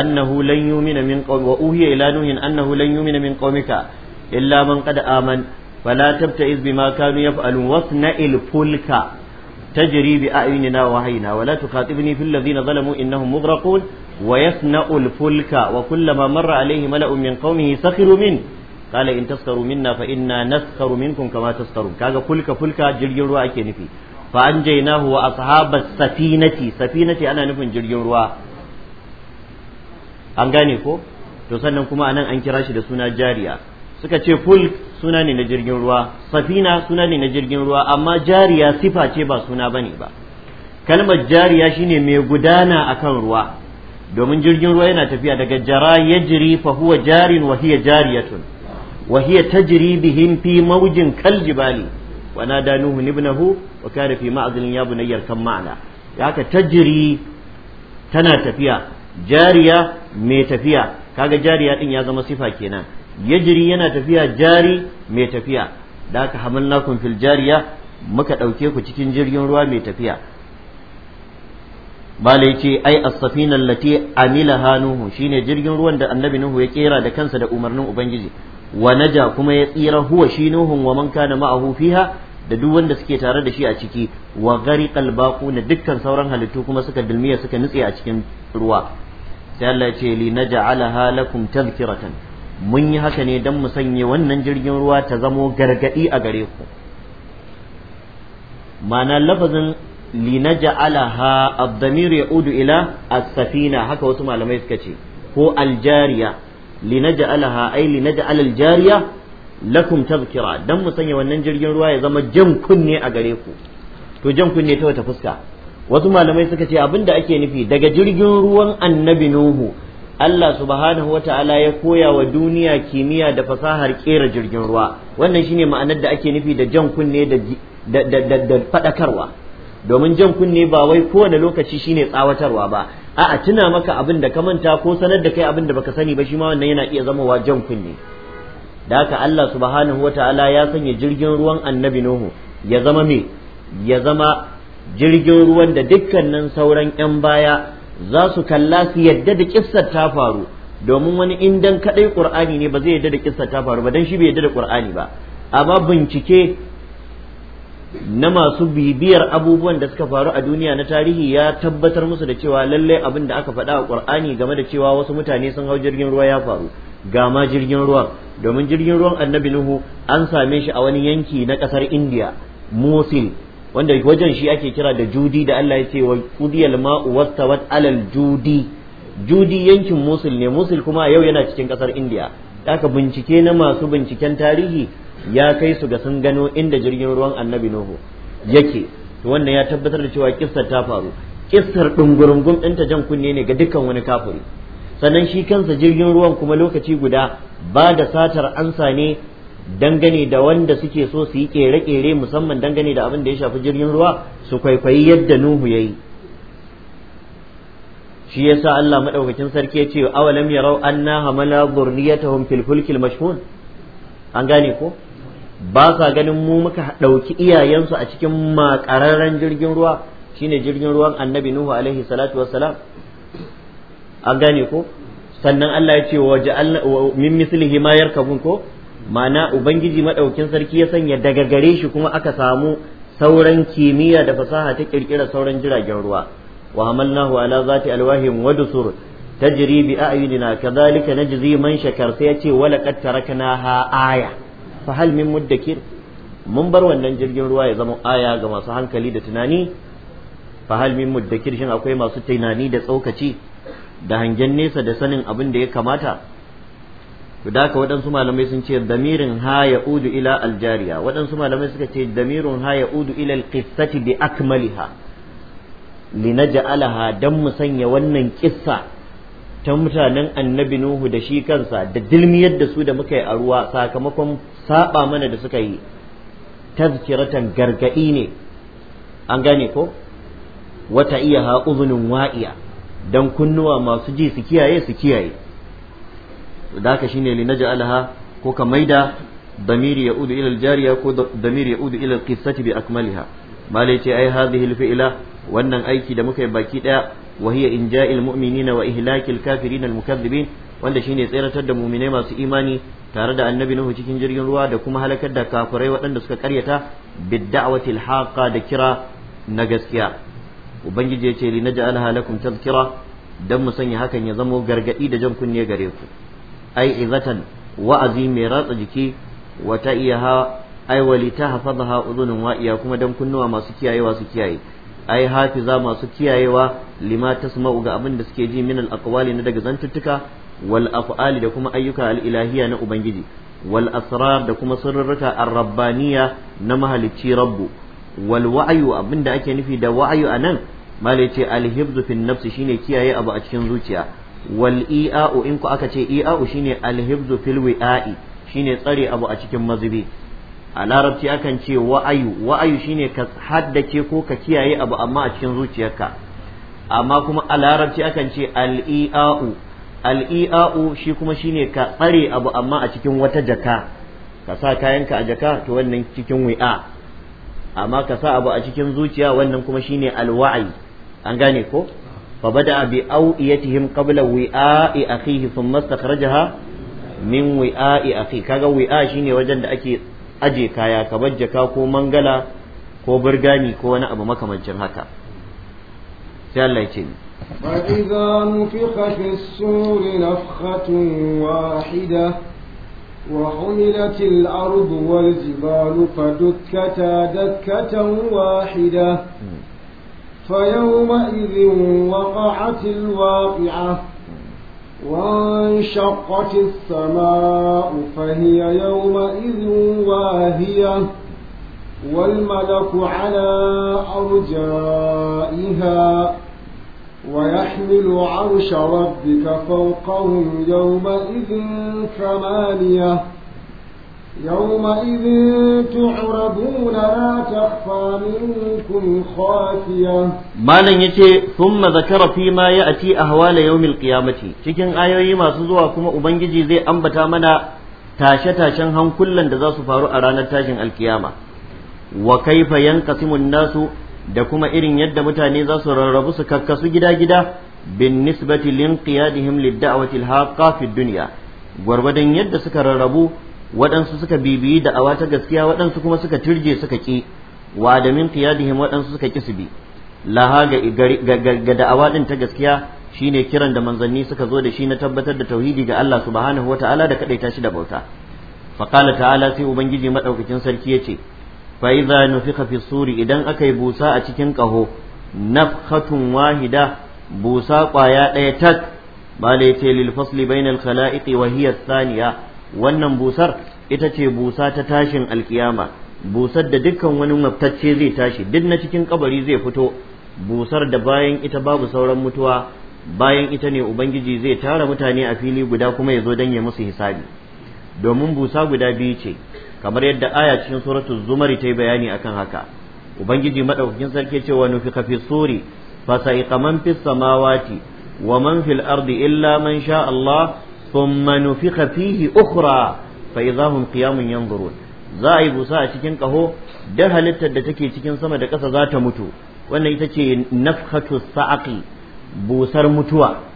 annahu lan yu'mina min qawmi wa uhiya ila nuhin annahu lan yu'mina min qawmika illa man qad aman fala tabta'iz bima kanu yaf'alun wasna'il fulka تجري بأعيننا وهينا ولا تخاطبني في الذين ظلموا إنهم مغرقون ويصنع الفلك وكلما مر عليه ملأ من قومه سخروا منه قال إن تسخروا منا فإنا نسخر منكم كما تسخرون كذا فلك فلك جرجر وأكنفي فأنجيناه وأصحاب السفينة سفينة أنا نفن جرجر an gane ko to sannan kuma anan an kira shi da suna jariya suka ce ful suna ne na jirgin ruwa safina suna ne na jirgin ruwa amma jariya sifa ce ba suna bane ba kalmar jariya shine mai gudana akan ruwa domin jirgin ruwa yana tafiya daga jara yajri fa huwa jarin wa hiya jariyatun wa hiya tajri bihim fi mawjin kaljibali wa nada nuhu ibnahu wa kana fi ma'zilin ya bunayyar kan ma'ana ya haka tajri tana tafiya jariya mai tafiya kaga jariya din ya zama sifa kenan yajri yana tafiya jari mai tafiya da haka kun fil jariya muka ɗauke ku cikin jirgin ruwa mai tafiya bala ce ai as-safina allati amilaha nuhu shine jirgin ruwan da annabi nuhu ya kera da kansa da umarnin ubangiji wa naja kuma ya tsira huwa shi nuhun wa man kana ma'ahu fiha da duk wanda suke tare da shi a ciki wa kalbaku baquna dukkan sauran halittu kuma suka dulmiya suka nutse a cikin ruwa sai Allah ya ce li naj'alaha lakum tadhkiratan mun yi haka ne dan mu sanye wannan jirgin ruwa ta zamo gargadi a gare ku ma'ana lafazin li naj'alaha ad-damir ya'udu ila as-safina haka wasu malamai suka ce ko al-jariya li naj'alaha ay li naj'al al-jariya lakum tabkira dan mu sanya wannan jirgin ruwa ya zama jan kunne a gare ku to jan kunne ta wata fuska wasu malamai suka ce abinda da ake nufi daga jirgin ruwan annabi nuhu Allah subhanahu wata'ala ya koya wa duniya kimiyya da fasahar kera jirgin ruwa wannan shine ma'anar da ake nufi da jan kunne da da fadakarwa domin jan kunne ba wai kowane lokaci shine tsawatarwa ba a'a tuna maka abin da ka manta ko sanar da kai abin da baka sani ba shi ma wannan yana iya zama wa jan kunne da haka Allah subhanahu wataala ya sanya jirgin ruwan annabi Nuhu ya zama me ya zama jirgin ruwan da dukkanin sauran 'yan baya za su kalla su yadda da kissar ta faru domin wani indan kadai qur'ani ne ba zai yadda da kissar ta faru ba dan shi bai yadda da qur'ani ba amma bincike na masu bibiyar abubuwan da suka faru a duniya na tarihi ya tabbatar musu da cewa lallai abin da aka faɗa a ƙur'ani game da cewa wasu mutane sun hau jirgin ruwa ya faru ga ma jirgin ruwan domin jirgin ruwan annabi nuhu an same shi a wani yanki na kasar indiya mosil wanda wajen shi ake kira da judi da allah ya ce wa kudiyal ma'u wastawat alal judi judi yankin mosil ne mosil kuma yau yana cikin kasar indiya haka bincike na masu binciken tarihi ya kai su ga sun gano inda jirgin ruwan annabi nuhu yake wannan ya tabbatar da cewa kissar ta faru kissar dungurungun ɗinta jan kunne ne ga dukkan wani kafiri sannan shi kansa jirgin ruwan kuma lokaci guda ba da satar ansa ne dangane da wanda suke so su yi kere-kere musamman dangane da abin da ya shafi jirgin ruwa su kwaikwayi yadda nuhu ya yi shi ya sa Allah maɗaukacin sarki ya ce awalam an na hamala ya fil mashhun an gane ko ba sa ganin mu muka ɗauki iyayensu a cikin makararren jirgin ruwa shine jirgin ruwan annabi nuhu alaihi salatu wassalam an gane ko sannan Allah ya ce wa ja'alna min mislihi ma yarkabun ko ma'ana ubangiji madaukin sarki ya sanya daga gare shi kuma aka samu sauran kimiyya da fasaha ta kirkira sauran jiragen ruwa wa hamalnahu ala zati alwahi wa dusur tajri bi a'yunina kadhalika najzi man shakar sai ce wa laqad taraknaha aya fa hal min muddakir mun bar wannan jirgin ruwa ya zama aya ga masu hankali da tunani fa hal min muddakir shin akwai masu tunani da tsokaci da hangen nesa da sanin abin da ya kamata da ka waɗansu malamai sun ce damirin ha ya udu ila aljariya waɗansu malamai suka ce damirin ha ya udu ila alqissati bi akmaliha linaj'alaha dan mu sanya wannan kissa ta mutanen annabi nuhu da shi kansa da dilmiyar da su da muka yi a ruwa sakamakon saba mana da suka yi tazkiratan gargaɗi ne an gane ko wata iya ha uzunin wa'iya dan kunnuwa masu ji su kiyaye su kiyaye da haka shine li naj'alaha ko ka maida damiri ya udu ila jariya ko damiri ya udu ila al bi akmaliha malai ce ai hadhihi al wannan aiki da muka yi baki daya wa hiya inja'il mu'minina wa ihlakil kafirin al-mukaththibin wanda shine tseratar da mu'minai masu imani tare da annabi Nuhu cikin jirgin ruwa da kuma halakar da kafirai waɗanda suka karyata bid da'wati da kira na gaskiya ubangiji ya ce li naj'alha lakum tadhkira dan mu sanya hakan ya zamo gargadi da jan kunne gare ku ai izatan wa'azi mai ratsa jiki wa ta iyaha ai wali ta hafadha udhunun wa'iya kuma dan kunnuwa masu kiyayewa su kiyaye ai hafiza masu kiyayewa lima tasma'u ga abin da suke ji min al-aqwali na daga zantuttuka wal af'ali da kuma ayyuka al na ubangiji wal asrar da kuma sirrika ar-rabbaniya na mahalicci rabbu wal wa'yu abinda ake nufi da wa'yu anan malai ce al fin nafsi shine kiyaye abu a cikin zuciya wal i'a'u in ku aka ce i'a'u shine al fil wi'a'i shine tsare abu a cikin mazubi a larabci akan ce wa'ayu wa'ayu shine ka haddace ko ka kiyaye abu amma a cikin zuciyarka amma kuma a larabci akan ce al-i'a'u al-i'a'u shi kuma shine ka tsare abu amma a cikin wata jaka ka sa kayanka a jaka to wannan cikin wi'a amma ka sa abu a cikin zuciya wannan kuma shine alwa'i an gane ko fa bada bi awiyatihim qabla wi'a'i akhihi thumma istakhrajaha min wi'a'i akhi kaga wi'a shine wajen da ake aje kaya kamar jaka ko mangala ko burgani ko wani abu makamancin haka sai Allah ya ce فإذا نفخ في السور نفخة واحدة وحملت الأرض والجبال فدكتا دكة واحدة فيومئذ وقعت الواقعة وانشقت السماء فهي يومئذ واهية والملك على أرجائها ويحمل عرش ربك فوقهم يومئذ ثمانية يومئذ تعرضون لا تخفى منكم خافية ما يتي ثم ذكر فيما يأتي أهوال يوم القيامة cikin ayoyi masu zuwa kuma ubangiji zai ambata mana tashe-tashen hankulan da za su faru a ranar tashin alkiyama wa kaifa yanqasimu nasu da kuma irin yadda mutane za su rarrabu su kakkasu gida-gida bin nisbati lin qiyadihim lid-da'wati al-haqqa fi dunya gwargwadon yadda suka rarrabu waɗansu suka bibiyi da'awa ta gaskiya waɗansu kuma suka turje suka ki wa da min qiyadihim waɗansu suka ki su bi laha ga da'awa din ta gaskiya shine kiran da manzanni suka zo da shi na tabbatar da tauhidi ga Allah subhanahu wata'ala da kadaita shi da bauta faqala ta'ala sai ubangiji madaukakin sarki yace fa idza nufikha fi suri idan aka yi busa a cikin kaho nafkhatun wahida busa kwaya ɗaya tak bale yace lil fasli bainal khalaiqi wa hiya thaniya wannan busar ita ce busa ta tashin alkiyama busar da dukkan wani maftacce zai tashi duk na cikin kabari zai fito busar da bayan ita babu sauran mutuwa bayan ita ne ubangiji zai tara mutane a fili guda kuma ya zo don ya musu hisabi domin busa guda biyu ce kamar yadda aya cikin suratul zumari ta yi bayani akan haka ubangiji madaukakin sarki ce wa nufi kafi suri fa sa'iqa man fis samawati wa man fil ardi illa man sha Allah thumma nufika fihi ukhra fa idahum qiyamun yanzurun za a yi busa a cikin kaho da halittar da take cikin sama da ƙasa za ta mutu wannan ita ce nafhatu sa'aqi busar mutuwa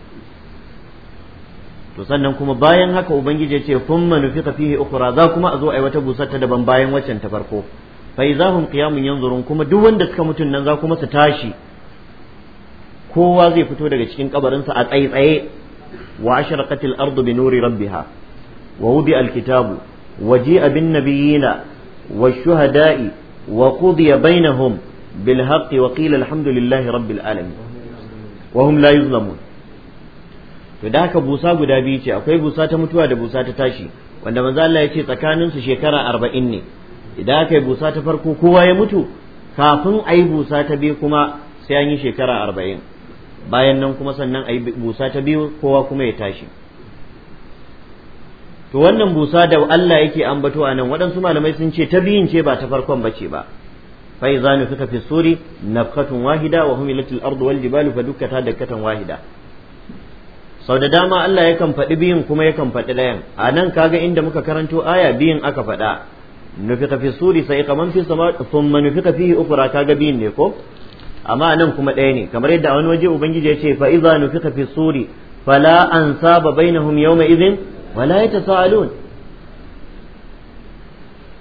to sannan kuma bayan haka ubangiji ya ce thumma nufiqa fihi ukhra za kuma a zo ai wata busar ta daban bayan waccan ta farko fa izahum qiyamun yanzurun kuma duk wanda suka mutun nan za kuma su tashi kowa zai fito daga cikin kabarinsa a tsaye tsaye wa ashraqatil ardu bi nuri rabbiha wa wudi'a alkitabu wa ji'a bin nabiyina wa shuhada'i wa qudiya bainahum bil haqqi wa qila alhamdulillahi rabbil alamin wa hum la yuzlamun to da haka busa guda biyu ce akwai busa ta mutuwa da busa ta tashi wanda manzo Allah ya ce tsakanin su shekara 40 ne idan aka yi busa ta farko kowa ya mutu kafin a yi busa ta biyu kuma sai an yi shekara 40 bayan nan kuma sannan a busa ta biyu kowa kuma ya tashi to wannan busa da Allah yake ambato a nan waɗansu malamai sun ce ta biyun ce ba ta farkon bace ba fa idza nufika fi suri nafkatun wahida wa humilatil ardu wal jibalu fa dakkatan wahida sau da dama Allah yakan faɗi biyun kuma yakan faɗi ɗayan a nan kaga inda muka karanto aya biyun aka faɗa nufika fi suri sai ka fi sama thumma nufika fi ukura kaga biyun ne ko amma nan kuma ɗaya ne kamar yadda a wani waje ubangiji ya ce fa iza nufika fi suri fala ansaba bainahum yawma idhin wala yatasaalun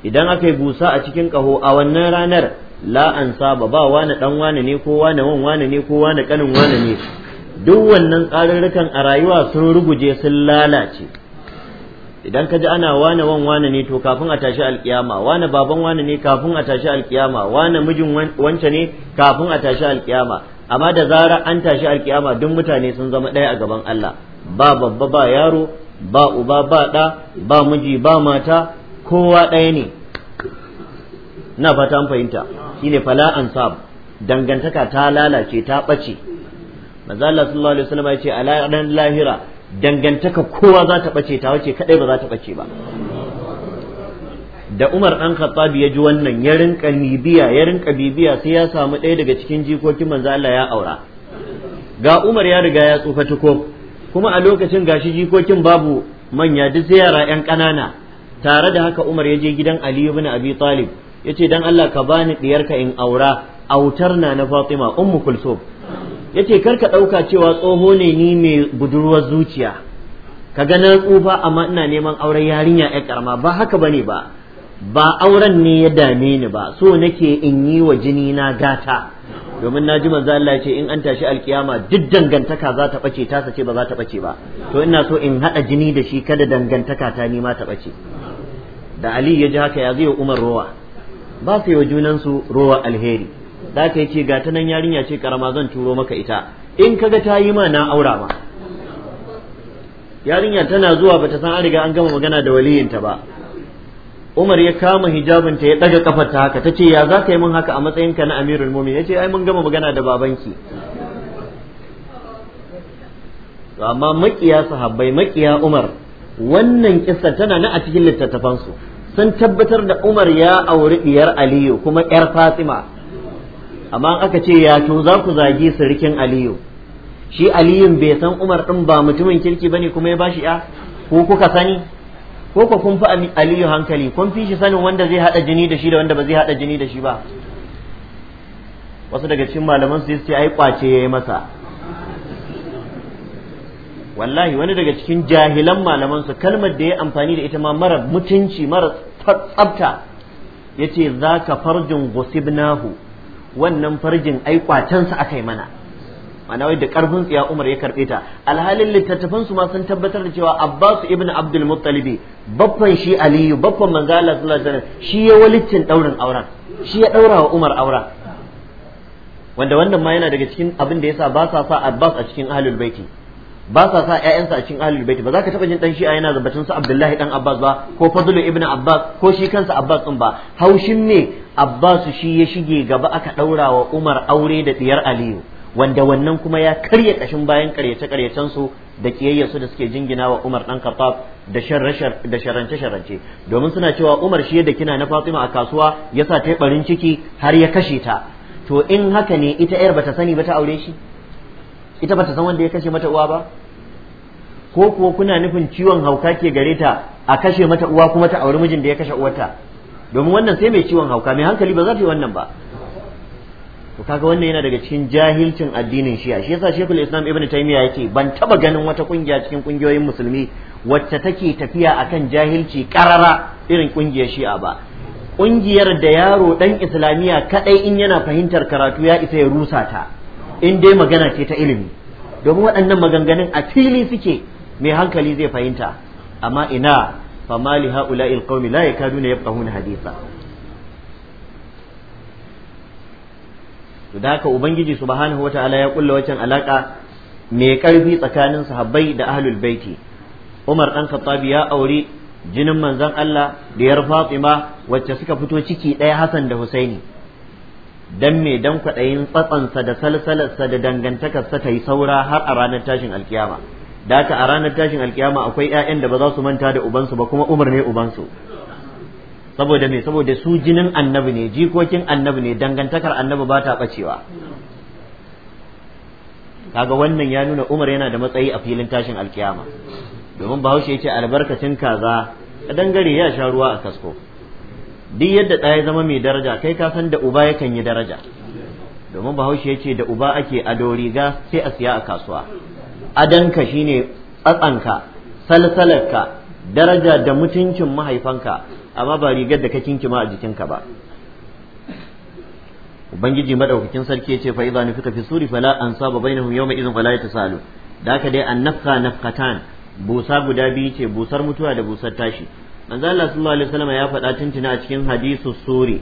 idan aka yi busa a cikin kaho a wannan ranar la saba ba wani dan wani ne ko wani wan wani ne ko wani kanin wani ne duk wannan tsarurrukan a rayuwa sun ruguje sun lalace idan ka ji ana wane wan wane ne to kafin a tashi alkiyama wane baban wane ne kafin a tashi alkiyama wane mijin wance ne kafin a tashi alkiyama amma da zarar an tashi alkiyama duk mutane sun zama ɗaya a gaban Allah ba babba ba yaro ba uba ba ɗa ba miji ba mata kowa ɗaya ne na fata an fahimta shine fala ansab dangantaka ta lalace ta ɓace manzo Allah sallallahu alaihi wasallam ya ce a ran lahira dangantaka kowa za ta bace ta wace kaɗai ba za ta bace ba da Umar dan Khattab ya ji wannan ya rinka bibiya ya rinka bibiya sai ya samu ɗaya daga cikin jikokin manzo Allah ya aura ga Umar ya riga ya tsufa tuko kuma a lokacin gashi jikokin babu manya duk sai yara yan ƙanana tare da haka Umar ya je gidan Ali ibn Abi Talib yace dan Allah ka bani diyarka in aura autar na na Fatima ummu Kulsum yace kar ka ɗauka cewa tsoho ne ni mai budurwar zuciya ka ga na tsufa amma ina neman auren yarinya ya karama ba haka bane ba ba auren ne ya dame ni ba so nake in yi wa jini na gata domin na ji manzo Allah ce in an tashi alkiyama duk dangantaka za ta bace ta sace ba za ta bace ba to ina so in hada jini da shi kada dangantaka ta ni ma ta bace da Ali ya ji haka ya zai Umar rowa ba su yi wa junansu rowa alheri da ka yace ga nan yarinya ce karama zan turo maka ita in kaga ta yi mana aura ma yarinya tana zuwa bata san an riga an gama magana da waliyinta ba Umar ya kama hijabinta ya daga kafar ta haka tace ya za ka yi min haka a matsayinka na Amirul Mumin yace ai mun gama magana da babanki amma makiya sahabbai makiya Umar wannan kissa tana na a cikin littattafansu sun tabbatar da Umar ya auri diyar Aliyu kuma yar Fatima amma aka ce ya to za ku zagi sirikin aliyu shi aliyun bai san umar din ba mutumin kirki bane kuma ya bashi ya ko kuka sani ko ku kun fi aliyu hankali kun fi shi sanin wanda zai hada jini da shi da wanda ba zai hada jini da shi ba wasu daga cikin malaman su ce ai kwace yayi masa wallahi wani daga cikin jahilan malaman su kalmar da ya amfani da ita ma mara mutunci mara tsafta yace zaka farjin gusibnahu wannan farjin ai kwatansa aka yi mana ma'ana wai da karfin tsiya Umar ya karbe ta alhalin littattafan su ma sun tabbatar da cewa Abbas ibn Abdul Muttalibi babban shi Aliyu babban manzo Allah sallallahu alaihi wasallam shi ya walittin daurin auren shi ya daura wa Umar aura wanda wannan ma yana daga cikin abin da yasa ba sa sa Abbas a cikin ahlul baiti ba sa sa ƴaƴansa a cikin ahlul bait ba za ka taba jin dan a yana zabatun su Abdullahi dan Abbas ba ko Fadlu ibn Abbas ko shi kansa Abbas din ba haushin ne Abbas shi ya shige gaba aka daura wa Umar aure da diyar Aliyu wanda wannan kuma ya karya kashin bayan karyace karyacen su da kiyayyar su da suke jingina wa Umar dan Khattab da da sharance sharance domin suna cewa Umar shi da kina na Fatima a kasuwa yasa ta yi barin ciki har ya kashe ta to in haka ne ita yar bata sani ba ta aure shi ita bata san wanda ya kashe mata uwa ba ko kuwa kuna nufin ciwon hauka ke gare ta a kashe mata uwa kuma ta auri mijin da ya kashe uwarta domin wannan sai mai ciwon hauka mai hankali ba za ta yi wannan ba to kaga wannan yana daga cikin jahilcin addinin shi'a shi yasa shekul islam ibn taymiya yake ban taba ganin wata kungiya cikin kungiyoyin musulmi wacce take tafiya akan jahilci karara irin kungiyar shi'a ba kungiyar da yaro dan islamiya kadai in yana fahimtar karatu ya isa ya rusa ta in dai magana ce ta ilimi domin waɗannan maganganun a fili suke mai hankali zai fahimta amma ina fa mali haula'il qaumi la ne yafqahuna haditha to haka ubangiji subhanahu wataala ya kulla wacan alaka mai karfi tsakanin sahabbai da ahlul baiti Umar dan Khattab ya auri jinin manzon Allah da yar Fatima wacce suka fito ciki ɗaya Hassan da Husaini dan me dan kwaɗayin tsatsansa da salsalarsa da dangantakarsa ta yi saura har a ranar tashin alkiyama da haka a ranar tashin alkiyama akwai 'ya'yan da ba za su manta da ubansu ba kuma umar ne ubansu saboda me saboda su jinin annabi ne jikokin annabi ne dangantakar annabi ba ta bacewa kaga wannan ya nuna umar yana da matsayi a filin tashin alkiyama domin bahaushe ya ce albarkacin kaza a dangare ya sha ruwa a kasko duk yadda ɗaya zama mai daraja kai ka san da uba yakan yi daraja domin bahaushe ya ce da uba ake ado riga sai a siya a kasuwa adanka shine tsatsanka salsalarka daraja da mutuncin mahaifanka amma ba rigar da ka kinkima a jikinka ba ubangiji madaukakin sarki ya ce fa idza nufika fi suri fala ansaba bainahum yawma idhin fala yatasalu da haka dai annafka nafkatan busa guda biyu ce busar mutuwa da busar tashi manzo Allah sallallahu alaihi wasallam ya faɗa tuntuna a cikin hadisu suri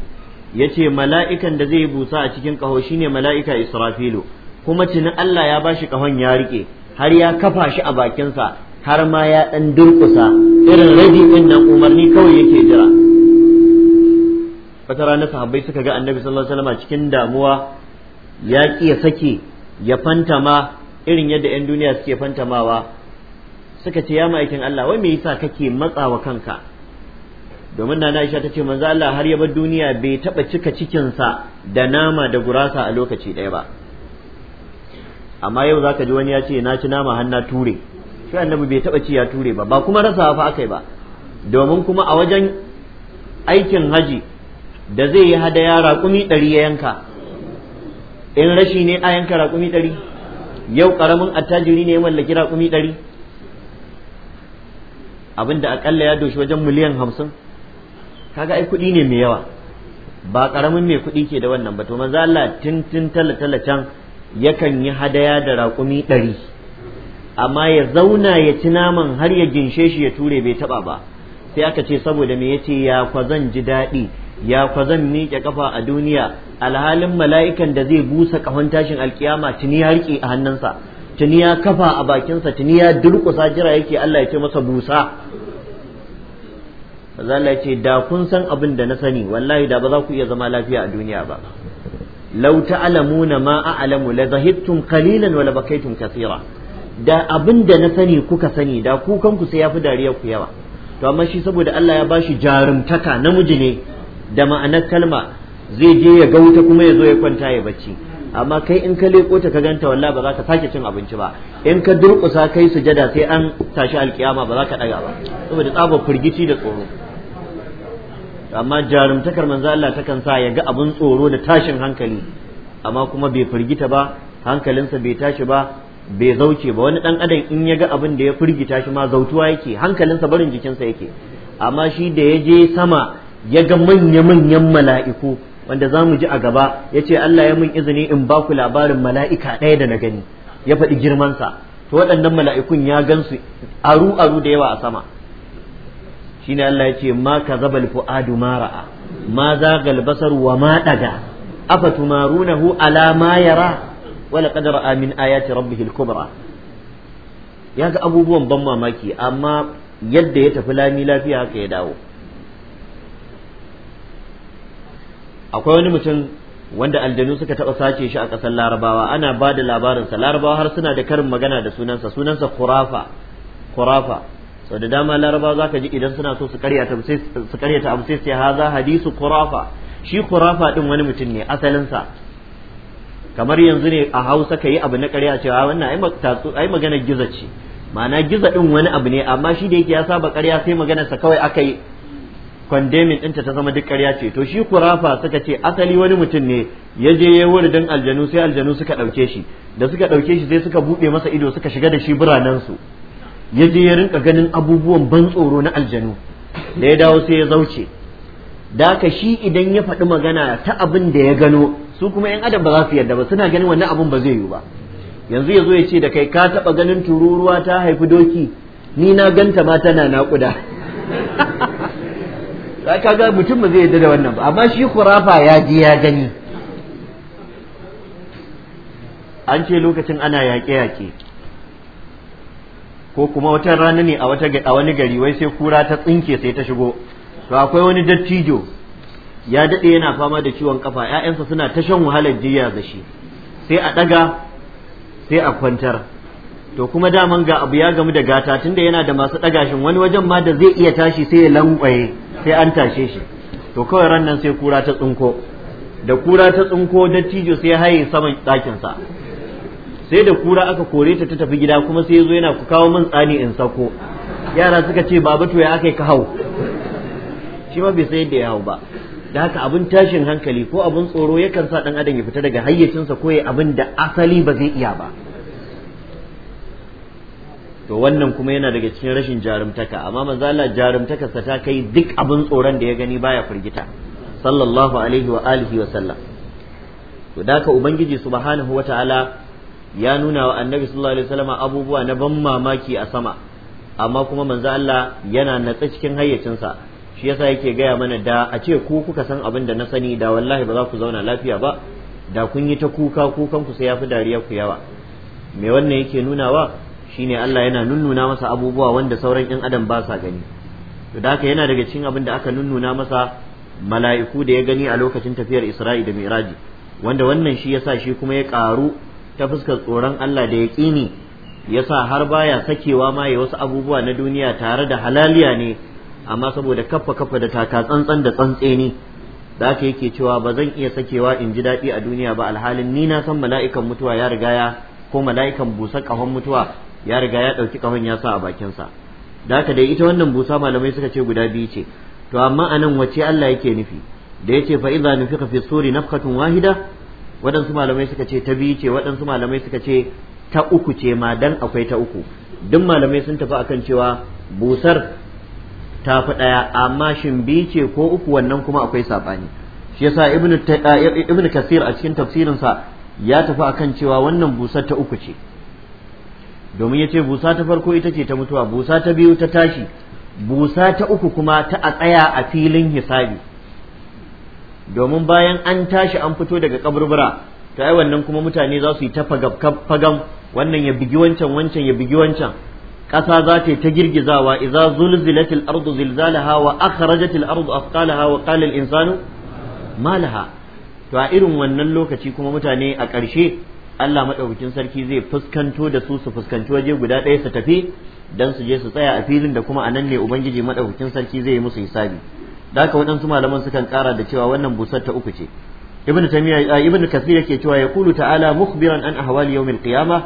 yace mala'ikan da zai busa a cikin kaho shine mala'ika Israfilu kuma tuni Allah ya bashi kahon ya rike har ya kafa shi a bakin sa har ma ya dan durkusa irin rabi din nan umarni kawai yake jira wata rana sahabbai suka ga annabi sallallahu alaihi wasallam cikin damuwa ya ki ya sake ya fantama irin yadda 'yan duniya suke fantamawa suka ce ya ma'aikin Allah wai me yasa kake matsawa kanka domin nana Aisha ta ce manzo Allah har ya bar duniya bai taba cika cikinsa da nama da gurasa a lokaci ɗaya ba amma yau zaka ji wani ya ce na ci nama har na ture shi annabi bai taba ci ya ture ba ba kuma rasa fa akai ba domin kuma a wajen aikin haji da zai yi hada hadaya kumi ɗari ya yanka in rashi ne a yanka raƙumi ɗari yau ƙaramin attajiri ne ya mallaki raƙumi ɗari abinda akalla ya doshi wajen miliyan hamsin kaga ai kuɗi ne mai yawa ba karamin mai kuɗi ke da wannan ba to maza Allah tun tala can yakan yi hadaya da raƙumi ɗari amma ya zauna ya ci naman har ya ginshe shi ya ture bai taba ba sai aka ce saboda me yace ya kwa zan ji daɗi ya kwa zan miƙe kafa a duniya alhalin mala'ikan da zai busa ƙahon tashin alkiyama tuni ya riƙe a hannunsa tuni ya kafa a bakinsa tuni ya durƙusa jira yake Allah ya ce masa busa manzo ce da kun san abin da na sani wallahi da ba za ku iya zama lafiya a duniya ba law ta'lamuna ma a'lamu la zahidtum qalilan wa la bakaytum kathira da abin da na sani kuka sani da ku kanku sai yafi dariyar ku yawa to amma shi saboda Allah ya bashi jarumtaka namiji ne da ma'anar kalma zai je ya gauta kuma ya zo ya kwanta ya bacci amma kai in ka leko ta ka ganta walla ba za ka sake cin abinci ba in ka durƙusa kai sujada sai an tashi alkiyama ba za ka ɗaga ba saboda tsabar firgici da tsoro amma jarumtakar manzo Allah takan sa ya ga abin tsoro da tashin hankali amma kuma bai firgita ba hankalinsa bai tashi ba bai zauce ba wani dan adam in ya ga abin da ya firgita shi ma zautuwa yake hankalinsa barin jikinsa yake amma shi da ya je sama ya ga manya-manyan mala'iku wanda za mu ji a gaba ya ce Allah ya mun izini in ba ku labarin mala'ika ɗaya da na gani ya faɗi girmansa to waɗannan mala'ikun ya gansu aru aru da yawa a sama Shi ne Allah ya ce ma ka zabal fu'adu ma ra'a ma zagal basar wa ma ɗaga daga afatumarunahu ala ma yara wala qad ra'a ya ayati rabbihil kubra ya ga abubuwan ban mamaki amma yadda ya tafi lami lafiya haka ya dawo akwai wani mutum wanda aljanu suka taɓa sace shi a ƙasar larabawa ana ba da labarinsa larabawa har suna da karin magana da sunansa sunansa kurafa kurafa sau da dama larabawa za ka ji idan suna so su karyata abu sai ha za hadisu kurafa shi kurafa ɗin wani mutum ne asalinsa kamar yanzu ne a hausa ka yi abu na karya cewa ah, wannan ai maganar gizo ce ma'ana gizo ɗin wani abu ne amma shi da yake ya saba karya sai maganarsa kawai aka yi kwandemin ɗinta ta zama duk ƙarya ce to shi kurafa suka ce asali wani mutum ne ya je ya don aljanu sai aljanu suka ɗauke shi da suka ɗauke shi sai suka buɗe masa ido suka shiga da shi biranensu ya je ya rinka ganin abubuwan ban tsoro na aljanu da ya dawo sai ya zauce da ka shi idan ya faɗi magana ta abin da ya gano su kuma yan adam ba za su yarda ba suna ganin wannan abin ba zai yiwu ba yanzu ya zo ya ce da kai ka taɓa ganin tururuwa ta haifi doki ni na ganta ma tana naƙuda za ka ga mutum ba zai yadda da wannan ba amma shi kurafa ya ji ya gani an ce lokacin ana yaƙe-yaƙe ko kuma wata rana ne a wani gari wai sai kura ta tsinke sai ta shigo to akwai wani dattijo ya daɗe yana fama da ciwon kafa ‘ya'yansa suna ta shan wahalar jiya da shi sai a ɗaga sai a kwantar to kuma daman ga abu ya gamu da gata tunda yana da masu ɗagashin wani wajen ma da zai iya tashi sai ya lankwaye sai an tashe shi to kawai ran nan sai kura ta tsinko da kura ta tsinko dattijo sai haye saman ɗakinsa sai da kura aka kore ta ta tafi gida kuma sai zo yana ku kawo min tsani in sako yara suka ce baba to ya aka ka hau shi ma bai sayar da ya hau ba da haka abin tashin hankali ko abin tsoro yakan sa ɗan adam ya fita daga hayyacinsa ko ya abin da asali ba zai iya ba to wannan kuma yana daga cikin rashin jarumtaka amma manzo Allah jarumtakarsa ta kai duk abin tsoron da ya gani baya firgita sallallahu alaihi wa alihi wa sallam to daka ubangiji subhanahu wataala ya nuna wa annabi sallallahu alaihi wasallam abubuwa na ban mamaki a sama amma kuma manzo Allah yana natsa cikin hayyacinsa shi yasa yake gaya mana da a ce ku kuka san abin da na sani da wallahi ba za ku zauna lafiya ba da kun yi ta kuka kukan ku sai yafi dariya ku yawa me wannan yake nunawa shine Allah yana nunnuna masa abubuwa wanda sauran yan adam ba sa gani to da haka yana daga cikin abin da aka nunnuna masa mala'iku da ya gani a lokacin tafiyar Isra'i da Mi'raji wanda wannan shi yasa shi kuma ya karu ta fuskar tsoron Allah da ya yaqini yasa har baya sakewa ma ya wasu abubuwa na duniya tare da halaliya ne amma saboda kaffa kaffa da taka tsantsan da tsantseni da haka yake cewa ba zan iya sakewa in ji daɗi a duniya ba alhalin ni na san mala'ikan mutuwa ya riga ya ko mala'ikan busa kahon mutuwa ya riga ya ɗauki ƙahon ya sa a bakinsa da haka dai ita wannan busa malamai suka ce guda biyu ce to amma anan wace Allah yake nufi da yace fa idza nufiqa fi suri nafkatun wahida waɗansu malamai suka ce ta biyu ce waɗansu malamai suka ce ta uku ce ma dan akwai ta uku duk malamai sun tafi akan cewa busar ta fi ɗaya amma shin biyu ce ko uku wannan kuma akwai saɓani shi yasa ibnu kasir a cikin tafsirinsa ya tafi akan cewa wannan busar ta uku ce domin ya ce busa ta farko ita ce ta mutuwa busa ta biyu ta tashi busa ta uku kuma ta a tsaya a filin hisabi domin bayan an tashi an fito daga kaburbura ta yi wannan kuma mutane za su yi ta fagam wannan ya bigi wancan wancan ya bigi wancan ƙasa za ta yi ta girgizawa iza zulzilatil ardu zilzalaha wa akhrajatil ardu athqalaha wa qala al insanu malaha to a irin wannan lokaci kuma mutane a ƙarshe Allah maɗaukakin sarki zai fuskanto da su su fuskanci waje guda ɗaya su tafi dan su je su tsaya a filin da kuma anan ne ubangiji maɗaukakin sarki zai yi musu hisabi haka waɗansu malaman sukan ƙara da cewa wannan busar ta uku ce ibnu tamiya ibnu kasir yake cewa ya kulu ta'ala mukhbiran an ahwali yawmil qiyamah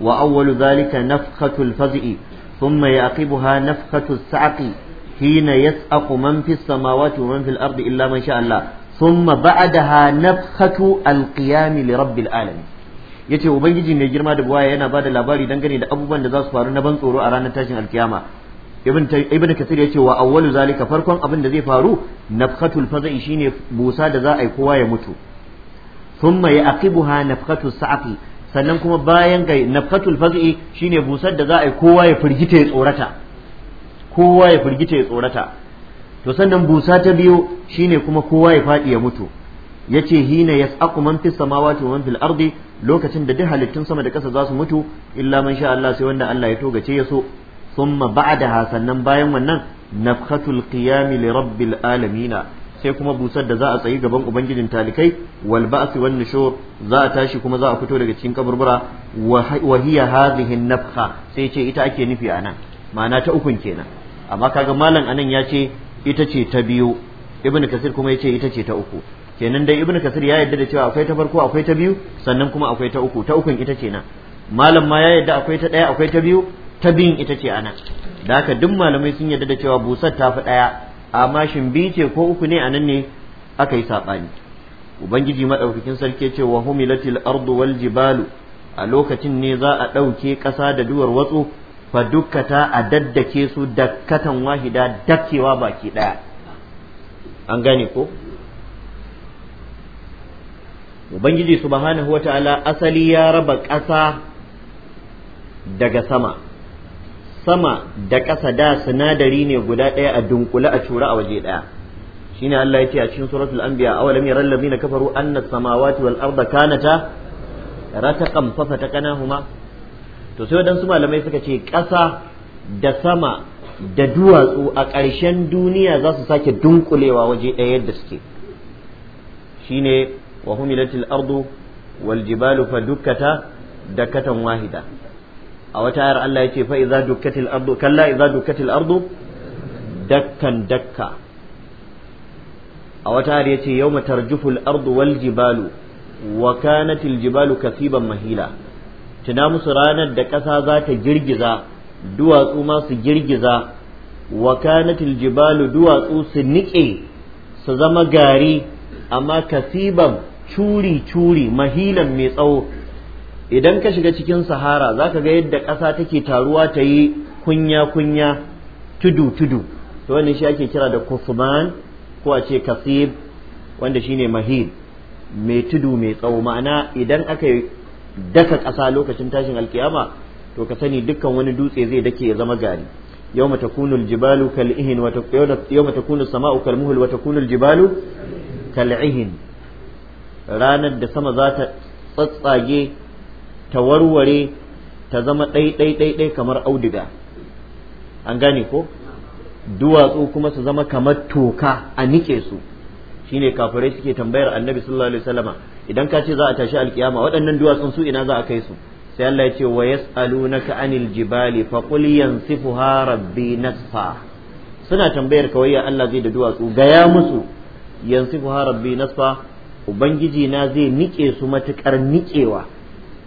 wa awwalu dhalika nafkhatul fazi'i thumma yaqibuha nafkhatus sa'qi hina yas'aqu man fis samawati wa man fil ardi illa man sha Allah thumma ba'daha nafkhatu al-qiyam li rabbil alamin yace ubangiji mai girma da buwaya yana bada labari dangane da abubuwan da za su faru na ban tsoro a ranar tashin alkiyama ibn ibn kasir yace wa awwalu zalika farkon abin da zai faru nafkhatul faza'i shine busa da za a yi kowa ya mutu thumma yaqibuha nafkhatus sa'qi sannan kuma bayan ga nafkhatul fazai shine busar da za a yi kowa ya firgita ya tsorata kowa ya firgita ya tsorata to sannan busa ta biyo shine kuma kowa ya faɗi ya mutu yace hina yas'aqu man fis samawati wa man fil ardi lokacin da duk halittun sama da ƙasa za su mutu illa man sha Allah sai wanda Allah ya togace ya so thumma ba'daha sannan bayan wannan nafhatul qiyam li rabbil alamin sai kuma busar da za a tsayi gaban ubangijin talikai wal ba'si wan nushur za a tashi kuma za a fito daga cikin kaburbura wa hiya hadhihi nafha sai ce ita ake nufi anan ma'ana ta ukun kenan amma kaga malam anan ya ce ita ce ta biyu ibnu kasir kuma ya ce ita ce ta uku kenan dai ibnu kasir ya yadda da cewa akwai ta farko akwai ta biyu sannan kuma akwai ta uku ta ukun ita ce nan malam ma ya yadda akwai ta ɗaya akwai ta biyu ta biyun ita ce ana da haka duk malamai sun yadda da cewa busar ta fi ɗaya amma shin biyu ce ko uku ne a ne aka yi saɓani ubangiji maɗaukakin sarki ce wa humilatil ardu wal jibalu a lokacin ne za a ɗauke ƙasa da duwar watsu fa dukkata a daddake su da dakkatan wahida dakewa baki ɗaya an gane ko ubangiji subhanahu ta’ala asali ya raba ƙasa daga sama sama da ƙasa da sinadari ne guda ɗaya a dunkule a cura a waje ɗaya Shi ne Allah ya ce a cikin suratul anbiya awalam yaral ladina kafaru anna samawati wal arda kanata rataqan fa fataqnahuma to sai wadansu malamai suka ce ƙasa da sama da duwatsu a ƙarshen duniya za su sake dunkulewa waje ɗaya yadda suke shine wa humilatil ardu wal jibalu fadukkata dakkatan wahida a wata Allah yace fa idza dukkatil ardu kalla idza dukkatil dakkan dakka a wata yace yawma tarjuful ardu wal jibalu wa kanatil kasiban mahila tuna musu ranar da ƙasa zata girgiza duwatsu ma su girgiza wa jibalu duwatsu su niƙe su zama gari amma kasiban curi-curi mahilan mai tsawo idan ka shiga cikin sahara za ka ga yadda ƙasa take taruwa ta yi kunya-kunya tudu-tudu to wannan shi ake kira da kusman ko a ce kasib wanda shine mahil mai tudu mai tsawo ma'ana idan aka daka ƙasa lokacin tashin alkiyama to ka sani dukkan wani dutse zai dake ya zama gari يوم تكون الجبال كالإهن wata kal'ihin ranar da sama za ta tsatsage ta warware ta zama ɗai ɗai kamar auduga an gane ko duwatsu kuma su zama kamar toka a nike su shine kafirai suke tambayar annabi sallallahu alaihi wasallama idan ka ce za a tashi alkiyama waɗannan duwatsun su ina za a kai su sai Allah ya ce wa yas'alunaka anil jibali fa qul yansifuha rabbi nasfa suna tambayar kawai ya Allah zai da duwatsu gaya musu yansifuha rabbi nasfa ubangiji na zai nike su matuƙar nikewa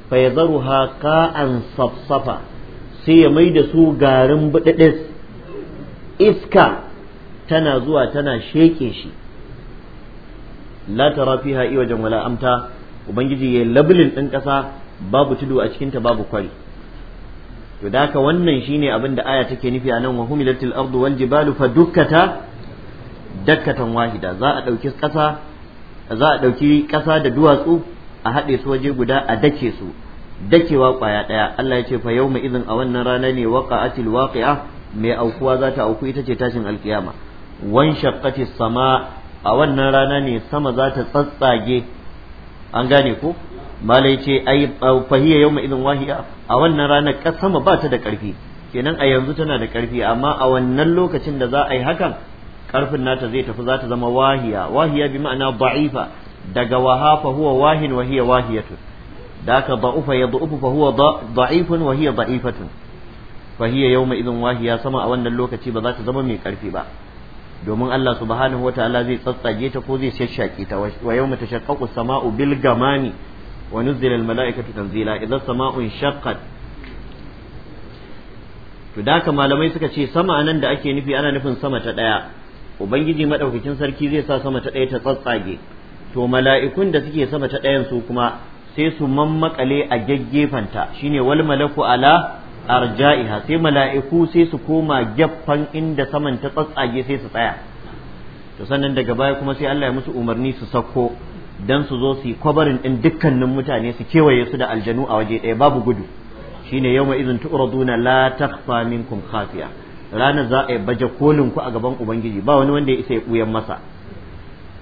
fa yadharuha qa'an safsafa sai ya mai da su garin budadis iska tana zuwa tana sheke shi la tara fiha iwa wala amta ubangiji ya labulin ɗin ƙasa, babu tudu a cikinta babu kwari to da haka wannan shine abin da aya take nufi a nan wa humilatil ardu wal jibalu fa dukkata dakkatan wahida za a ɗauki ƙasa za a ɗauki ƙasa da duwatsu a haɗe su waje guda a dake su dacewa ƙwaya ɗaya Allah ya ce fa yau izin a wannan rana ne waqa'atil waƙa, mai aukuwa za ta auku ita ce tashin alkiyama wan shaƙƙati sama a wannan rana ne sama za ta tsatsage an gane ko malai ce ai fahiya yau izin wahiya a wannan rana sama ba ta da ƙarfi kenan a yanzu tana da ƙarfi amma a wannan lokacin da za a yi hakan karfin nata zai tafi za ta zama wahiya wahiya bi ma'ana da'ifa daga waha fa huwa wahin wa hiya wahiyatun da ka da'ufa ya da'ufu fa huwa da'ifun wa hiya da'ifatun fa hiya yawma idin wahiya sama a wannan lokaci ba za ta zama mai karfi ba domin Allah subhanahu wataala zai tsatsage ta ko zai shashshake ta wa yawma tashaqqaqu sama'u bil gamami wa nuzila al mala'ikatu tanzila idza sama'u shaqqat to da haka malamai suka ce sama anan da ake nufi ana nufin sama ta daya ubangiji madaukakin sarki zai sa sama ta ɗaya ta tsatsage to mala'ikun da suke sama ta ɗayan su kuma sai su mammakale a gaggefanta shine wal malaku ala arja'iha sai mala'iku sai su koma gaffan inda saman ta tsatsage sai su tsaya to sannan daga baya kuma sai Allah ya musu umarni su sako dan su zo su yi kwabarin din dukkanin mutane su kewaye su da aljanu a waje ɗaya babu gudu shine yawma idin tu'raduna la takhfa minkum khafiya ranar za a yi baje kolin ku a gaban ubangiji ba wani wanda ya isa ya buyan masa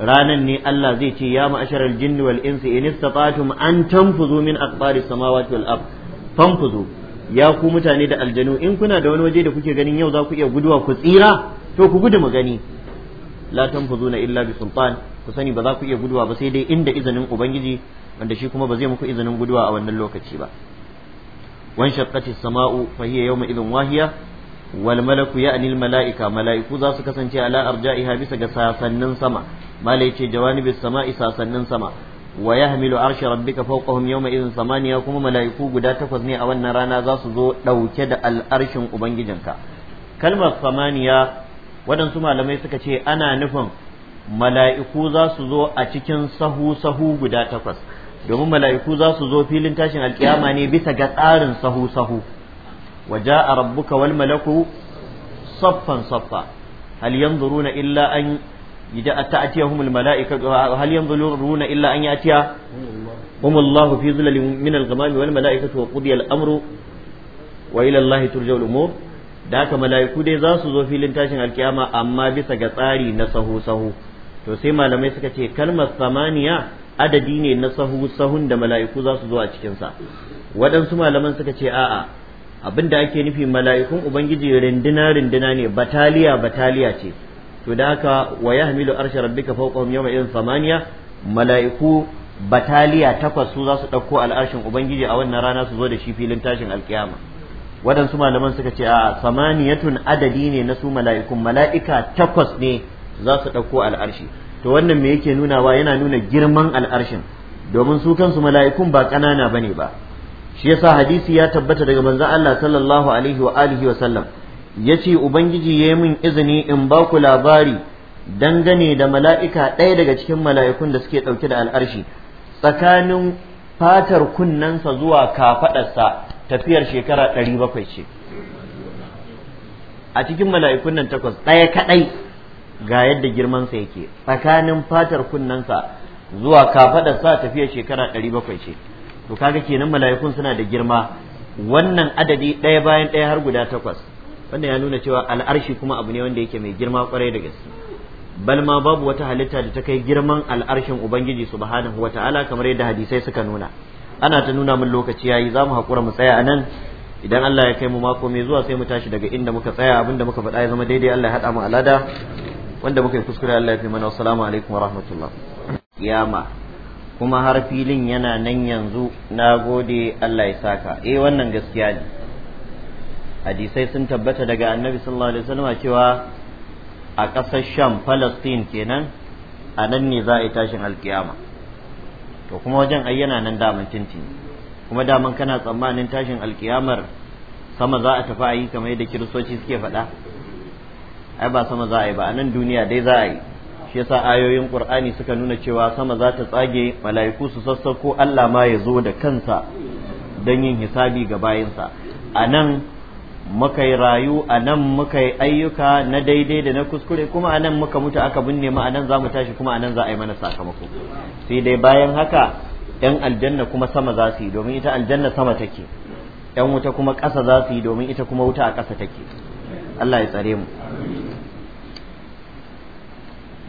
ranan ne Allah zai ce ya ma'asharal jinni wal insi in istata'tum an tanfuzu min aqbari samawati wal ard tanfuzu ya ku mutane da aljanu in kuna da wani waje da kuke ganin yau za ku iya guduwa ku tsira to ku gudu mu gani la tanfuzuna illa bi sultan ku sani ba za ku iya guduwa ba sai dai inda izinin ubangiji wanda shi kuma ba zai muku izinin guduwa a wannan lokaci ba wan shaqqati sama'u fa hiya yawma idhin wahiya wal malaku ya'ni al mala'ika mala'iku za su kasance ala arja'iha bisa ga sasannin sama mala yace jawanibis sama'i sasannin sama wa yahmilu arsha rabbika fawqahum yawma idhin samaniya kuma mala'iku guda takwas ne a wannan rana za su zo dauke da al'arshin ubangijinka kalmar samaniya waɗansu malamai suka ce ana nufin mala'iku za su zo a cikin sahu sahu guda takwas domin mala'iku za su zo filin tashin alkiyama ne bisa ga tsarin sahu sahu وجاء ربك والملك صفا صفا هل ينظرون إلا أن تأتيهم الملائكة هل ينظرون إلا أن يأتي هم الله في ظلل من الغمام والملائكة وقضي الأمر وإلى الله ترجع الأمور da haka mala'iku dai za su zo filin tashin alkiyama amma bisa ga tsari na sahu-sahu to sai malamai suka ce kalmar samaniya adadi ne na sahu-sahun da mala'iku za su zo a cikinsa waɗansu malaman suka ce a'a abin da ake nufi mala'ikun ubangiji rindina rindina ne bataliya bataliya ce to da haka wa yahmilu arsha rabbika fawqahum yawma idhin thamaniya mala'iku bataliya takwas su za su ɗauko al'arshin ubangiji a wannan rana su zo da shi filin tashin alkiyama waɗansu malaman suka ce a samaniyatun adadi ne na su mala'ikun mala'ika takwas ne za su ɗauko al'arshi to wannan me yake nunawa yana nuna girman al'arshin domin su kansu mala'ikun ba ƙanana bane ba shi yasa hadisi ya tabbata daga manzo Allah sallallahu alaihi wa alihi wa sallam yace ubangiji yayi min izini in ba ku labari dangane da mala'ika ɗaya daga cikin mala'ikun da suke ɗauke da al'arshi tsakanin fatar kunnensa zuwa sa tafiyar shekara ɗari bakwai ce a cikin mala'ikun nan takwas ɗaya kaɗai ga yadda girmansa yake tsakanin fatar kunnensa zuwa sa tafiyar shekara ɗari bakwai ce to kaga kenan mala'ikun suna da girma wannan adadi ɗaya bayan ɗaya har guda takwas wanda ya nuna cewa al'arshi kuma abu ne wanda yake mai girma kwarai da gaske bal ma babu wata halitta da ta kai girman al'arshin ubangiji subhanahu wata'ala kamar yadda hadisai suka nuna ana ta nuna min lokaci yayi za mu haƙura mu tsaya anan idan Allah ya kai mu mako mai zuwa sai mu tashi daga inda muka tsaya abinda muka faɗa ya zama daidai Allah ya haɗa mu alada wanda muka yi kuskure Allah ya fi mana assalamu alaikum wa rahmatullah kiyama kuma har filin yana nan yanzu na gode Allah ya saka eh wannan gaskiya ne hadisai sun tabbata daga annabi sallallahu alaihi wasallam cewa a ƙasar sham palestine kenan a nan ne za a yi tashin alkiyama to kuma wajen ayyana yana nan daman tintin kuma daman kana tsammanin tashin alkiyamar sama za a tafi a yi kamar yadda kiristoci suke faɗa ai ba sama za a yi ba a nan duniya dai za a yi shi yasa ayoyin qur'ani suka nuna cewa sama za ta tsage mala'iku su sassauko Allah ma ya zo da kansa don yin hisabi ga bayinsa a nan muka yi rayu a nan muka yi ayyuka na daidai da na kuskure kuma a nan muka mutu aka binne mu a nan za mu tashi kuma a nan za a yi mana sakamako sai dai bayan haka yan aljanna kuma sama za su yi domin ita aljanna sama take yan wuta kuma ƙasa za su yi domin ita kuma wuta a ƙasa take Allah ya tsare mu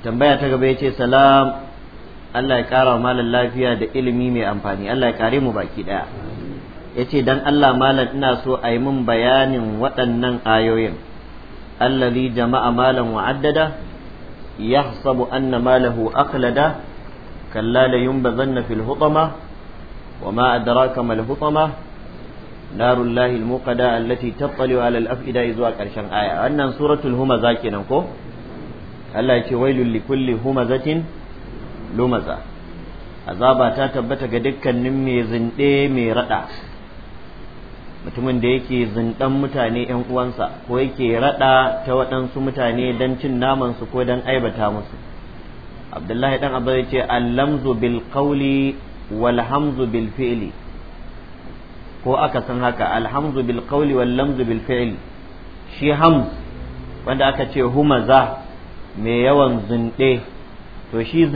tambaya ta gaba ce salam Allah ya kara malam lafiya da ilimi mai amfani Allah ya kare mu baki daya yace dan Allah malam ina so a yi min bayanin waɗannan ayoyin allazi jama'a malam wa'addada yahsabu anna malahu aqlada kalla la yunbazanna fil hutama وما أدراك ما الهطمة نار الله الموقدة التي تطلع على الأفئدة إذ وقع آية أن سورة الهمزة كنكو Allah ya ce wailul kulli humazatin lumaza azaba ta tabbata ga dukkanin mai zinde mai rada mutumin da yake zindan mutane yan uwansa ko yake rada ta waɗansu mutane don cin naman su ko don aibata musu abdullahi dan abba ya ce allamzu bil qawli wal hamzu bil fi'li ko aka san haka alhamzu bil qawli wal lamzu bil fi'li shi hamz wanda aka ce humaza mai yawan zinɗe to shi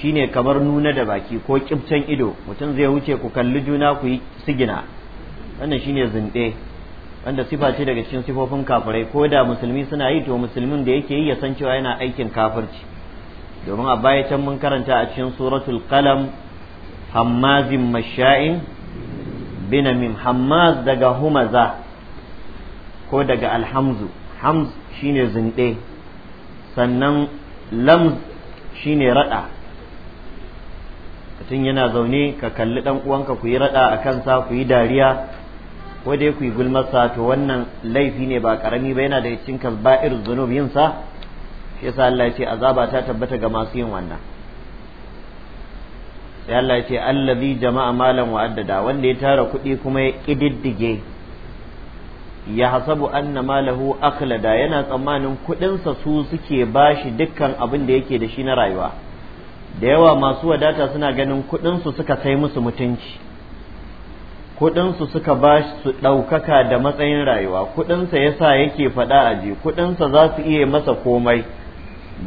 shi ne kamar nuna da baki ko kibcen ido mutum zai wuce ku kalli juna ku yi sigina wannan ne zunɗe wanda sifa ce daga cikin sifofin kafirai ko da musulmi suna yi to musulmin da yake yi ya san cewa yana aikin kafirci domin a baya can mun karanta a cikin suratul qalam hammazin masha'in binamin hammaz daga humaza ko daga alhamzu hamz shine zinde sannan lam shine raɗa mutum yana zaune ka kalli ɗan uwanka ku yi raɗa a kansa ku yi dariya ko dai ku yi gulmarsa to wannan laifi ne ba ƙarami ba yana da cikin ba'ir zunub yin sa shi yasa Allah ya ce azaba ta tabbata ga masu yin wannan sai Allah ya ce allazi jama'a malan wa'addada wanda ya tara kuɗi kuma ya kididdige ya hasabu anna malahu akhlada yana tsammanin kuɗinsa su suke bashi dukkan abin da yake da shi na rayuwa da yawa masu wadata suna ganin kuɗinsu suka kai musu mutunci kuɗinsu suka ba su ɗaukaka da matsayin rayuwa kuɗinsa yasa yake faɗa a ji kuɗinsa za su iya masa komai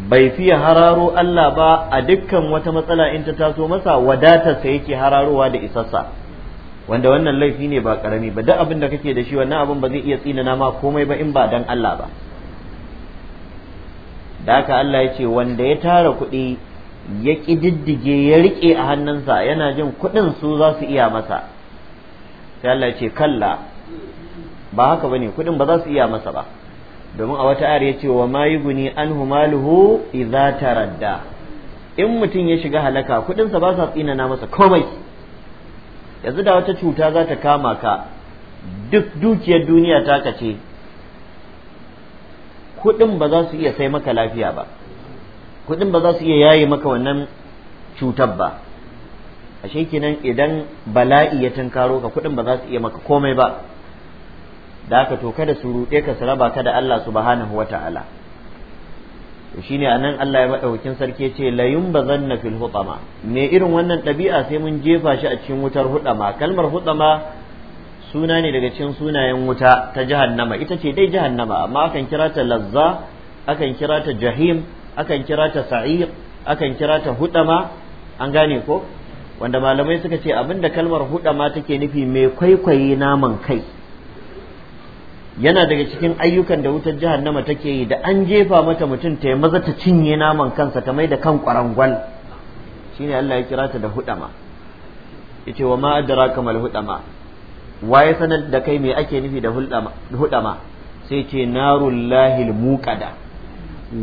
bai fiye hararo Allah ba a dukkan wata matsala in ta taso masa wadatarsa yake hararowa da isassa wanda wannan laifi ne ba karami ba duk abin da kake da shi wannan abin ba zai iya tsinana ma komai ba in ba dan Allah ba da haka Allah ya ce wanda ya tara kuɗi ya ƙididdige ya riƙe a hannunsa yana jin kuɗin su za su iya masa sai Allah ya ce kalla ba haka bane kuɗin ba za su iya masa ba domin a wata ayar ya ce wa ma yuguni an humaluhu idza taradda in mutum ya shiga halaka kuɗinsa ba sa tsinana masa komai yanzu da wata cuta za ta kama ka duk dukiyar duniya ta kace kuɗin ba za su iya sai maka lafiya ba kuɗin ba za su iya yaye maka wannan cutar ba ashe kenan idan bala'i ya tunkaro ka kuɗin ba za su iya maka komai ba da aka to kada su ruɗe ka su raba ka da Allah subhanahu ta'ala shine anan Allah ya maɗaukin sarki ce zan na fil hutama me irin wannan ɗabi'a sai mun jefa shi a cikin wutar hutama kalmar hutama suna ne daga cikin sunayen wuta ta jahannama ita ce dai jahannama amma akan kira ta lazza akan kira ta jahim akan kira ta sa'ir akan kira ta hutama an gane ko wanda malamai suka ce abinda kalmar hutama take nufi mai kwaikwaye naman kai yana daga cikin ayyukan da wutar jahannama take yi da an jefa mata mutum ta maza ta cinye naman kansa ta mai da kan kwarangwal shine Allah ya kira ta da hudama yace wa ma adraka mal hudama waye sanar da kai me ake nufi da hudama sai ce narullahil muqada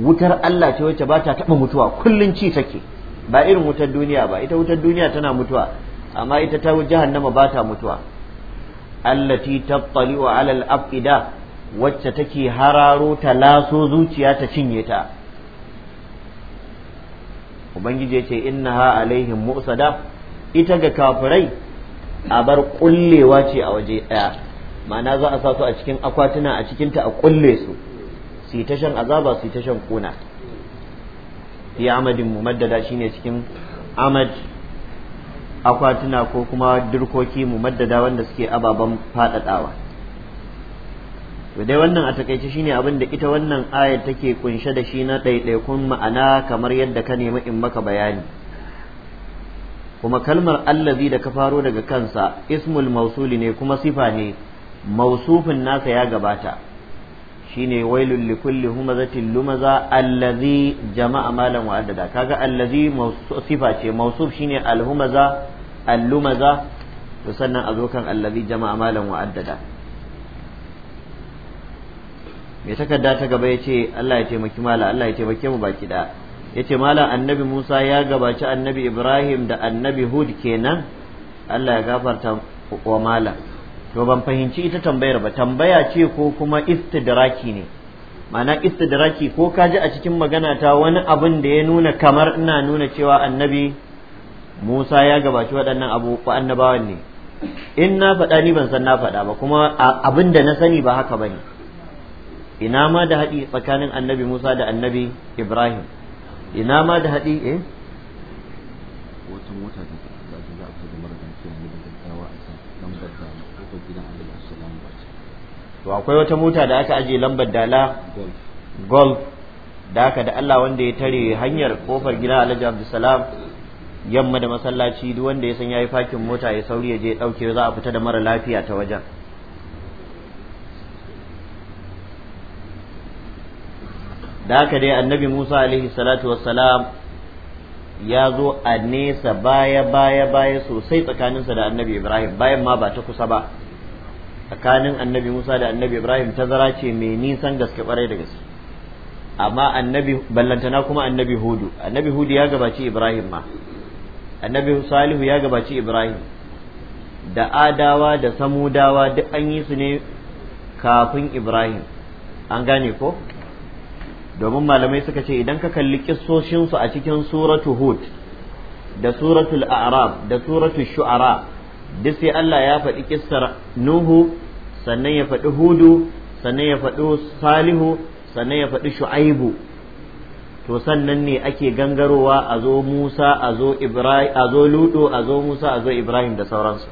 wutar Allah ce wacce ba ta taba mutuwa kullum ci take ba irin wutar duniya ba ita wutar duniya tana mutuwa amma ita ta jahannama ba ta mutuwa allati tattali'u ala al-afida wacce take hararo ta laso zuciya ta cinye ta ubangiji ya ce innaha alaihim mu'sada ita ga kafirai abar bar kullewa ce a waje daya ma'ana za a sa su a cikin akwatuna a cikin ta a kulle su su ta shan azaba su ta shan kuna fi amadin mumaddada shine cikin amad akwatuna ko kuma dirkoki mu maddada wanda suke ababen faɗaɗawa to dai wannan a takaice shine abin da ita wannan ayar take kunshe da shi na ɗaiɗaikun ma'ana kamar yadda ka nemi in maka bayani kuma kalmar allazi da ka faro daga kansa ismul mausuli ne kuma sifa ne mausufin nasa ya gabata shine wailul li kulli humazatin lumaza allazi jama'a malan wa addada kaga allazi sifa ce mausuf shine alhumaza allumaza to sannan a kan allazi jama'a malan wa addada mai takarda ta gaba yace Allah ya taimaki mala Allah ya taimake mu baki da yace mala annabi Musa ya gabaci annabi Ibrahim da annabi Hud kenan Allah ya gafarta wa mala to ban fahimci ita tambayar ba tambaya ce ko kuma istidraki ne ma'ana istidraki ko ka ji a cikin magana ta wani abin da ya nuna kamar ina nuna cewa annabi Musa ya gabaci waɗannan abu ko annabawan ne in na faɗa ni ban san na faɗa ba kuma abin da na sani ba haka bane ina ma da haɗi tsakanin annabi Musa da annabi Ibrahim ina ma da haɗi eh to akwai wata mota da aka aje lambar dala golf da aka da Allah wanda ya tare hanyar kofar gida Alhaji Abdulsalam yamma da masallaci duk wanda ya san yayi fakin mota ya sauri ya je dauke za a fita da mara lafiya ta wajen da haka dai annabi Musa alaihi salatu wassalam ya zo a nesa baya baya baya sosai tsakaninsa da annabi Ibrahim bayan ma ba ta kusa ba tsakanin annabi Musa da annabi Ibrahim tazara ce mai nisan gaske kwarai da gaske amma annabi ballantana kuma annabi Hudu annabi Hudu ya gabaci Ibrahim ma annabi Salihu ya gabaci Ibrahim da Adawa da Samudawa duk an yi su ne kafin Ibrahim an gane ko domin malamai suka ce idan ka kalli kisoshinsu a cikin suratu Hud da suratul Arab, da suratul Shu'ara duk sai Allah ya faɗi kissar Nuhu sannan ya faɗi Hudu sannan ya faɗi Salihu sannan ya faɗi Shu'aibu to sannan ne ake gangarowa a zo Musa a zo Ibrahim a zo Ludo a zo Musa a zo Ibrahim da sauransu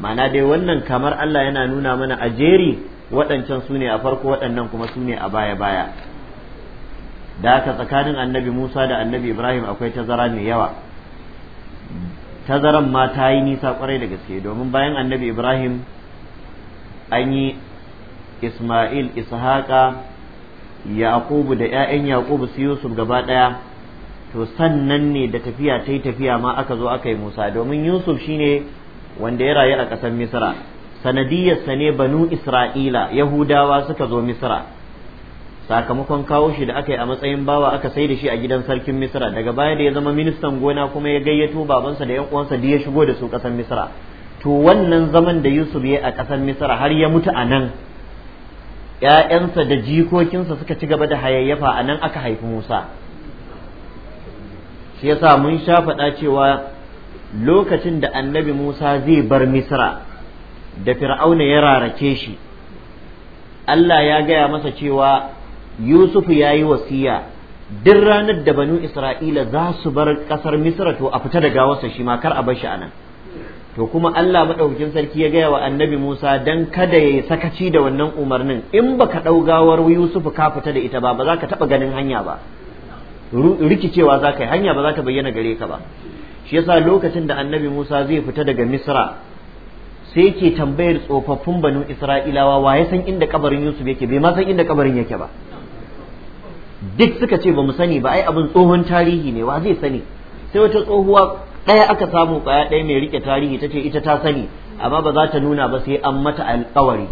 ma'ana dai wannan kamar Allah yana nuna mana a jeri waɗancan su ne a farko waɗannan kuma su ne a baya-baya da haka tsakanin annabi Musa da annabi Ibrahim akwai tazara mai yawa tazaran ma ta yi nisa kwarai da gaske domin bayan annabi ibrahim an yi isma'il ishaqa yaqubu da 'ya'yan yaqubu su yusuf gaba ɗaya to sannan ne da tafiya ta yi tafiya ma aka zo aka yi musa domin yusuf shine wanda ya rayu a ƙasar misra sanadiyarsa ne banu isra'ila yahudawa suka zo misra sakamakon kawo shi da aka yi a matsayin bawa aka sai da shi a gidan sarkin misira daga baya da ya zama ministan gona kuma ya gayyato babansa da yan uwansa da ya shigo da su ƙasar misira to wannan zaman da yusuf ya a ƙasar misira har ya mutu a nan ‘ya'yansa da jikokinsa suka ci gaba da hayayyafa a nan aka haifi musa shi ya sa mun sha faɗa cewa lokacin da annabi musa zai bar misira da fir'auna ya rarake shi Allah ya gaya masa cewa Yusuf ya yi wasiya duk ranar da banu Isra'ila za su bar ƙasar Misra to a fita da gawarsa shi ma kar a bar shi anan to kuma Allah maɗaukakin sarki ya gaya wa annabi Musa dan kada ya yi sakaci da wannan umarnin in baka ɗau gawar Yusuf ka fita da ita ba ba za ka taɓa ganin hanya ba rikicewa za ka yi hanya ba za ta bayyana gare ka ba shi yasa lokacin da annabi Musa zai fita daga Misra sai yake tambayar tsofaffin banu Isra'ilawa wa ya san inda kabarin Yusuf yake bai ma san inda kabarin yake ba duk suka ce ba mu sani ba ai abin tsohon tarihi ne wa zai sani sai wata tsohuwa ɗaya aka samu kwaya ɗaya mai rike tarihi ta ce ita ta sani amma ba za ta nuna ba sai an mata alƙawari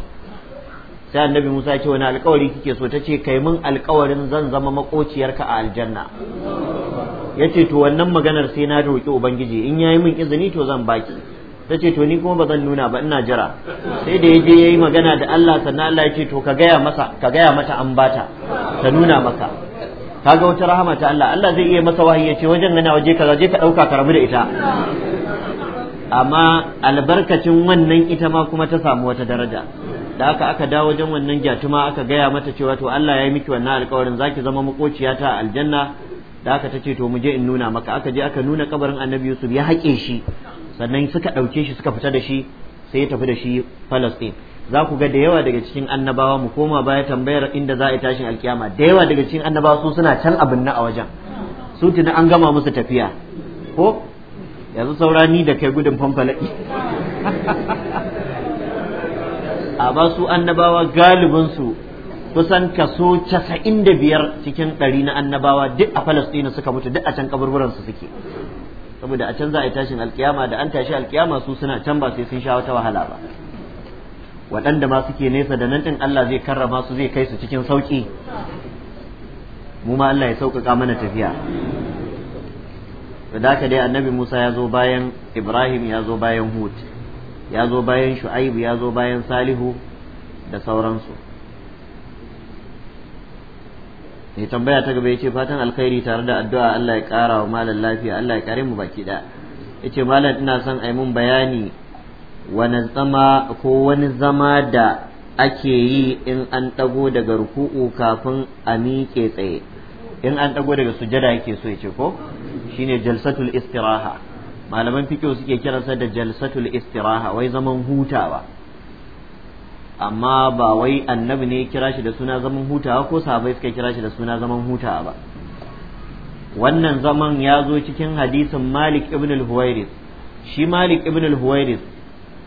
sai annabi Musa ya ce wani alƙawari kike so ta ce kai mun alkawarin zan zama makociyarka a aljanna ya ce to wannan maganar sai na roƙi ubangiji in yayi min izini to zan baki ta ce to ni kuma ba zan nuna ba ina jira sai da ya je ya yi magana da Allah sannan Allah ya ce to ka gaya masa ka gaya mata an bata ta nuna maka kaga wata rahama ta Allah Allah zai iya masa wahayi yace ce wajen nan waje kaza je ka dauka ka rabu da ita amma albarkacin wannan ita ma kuma ta samu wata daraja da haka aka dawo wajen wannan gyatuma aka gaya mata cewa to Allah ya yi miki wannan alƙawarin zaki zama makociya ta aljanna da haka ta to mu je in nuna maka aka je aka nuna kabarin Annabi Yusuf ya haƙe shi sannan suka ɗauke shi suka fita da shi sai ya tafi da shi Palestine za ku ga da yawa daga cikin annabawa mu koma baya tambayar inda za a tashin alkiyama da yawa daga cikin annabawa su suna can abin na a wajen su tuni an gama musu tafiya ko yanzu saurani da kai gudun fanfalaki a ba su annabawa galibinsu kusan kaso casa'in da biyar cikin ɗari na annabawa duk a Falastina suka mutu duk a can kaburburansu suke saboda a can za a yi tashin alkiyama da an tashi alkiyama su suna can ba sai sun sha wata wahala ba waɗanda ma suke nesa da nan ɗin Allah zai karrama su zai kai su cikin sauƙi mu ma Allah ya sauƙaƙa mana tafiya da haka dai annabi Musa ya zo bayan Ibrahim ya zo bayan Hud ya zo bayan Shu'aibu ya zo bayan Salihu da sauransu mai tambaya ta gaba yace fatan alkhairi tare da addu'a Allah ya ƙara wa malam lafiya Allah ya kare mu baki ɗaya yace malam ina son ai mun bayani wani zama ko wani zama da ake yi in an ɗago daga ruku'u kafin a miƙe tsaye in an ɗago daga sujada yake so ya ce ko shine jalsatul istiraha malaman fikiyo suke kiransa da jalsatul istiraha wai zaman hutawa amma ba wai annabi ne kira shi da suna zaman hutawa ko sahabai suka kira shi da suna zaman hutawa ba wannan zaman ya zo cikin hadisin malik ibn al-huwairis shi malik ibn al-huwairis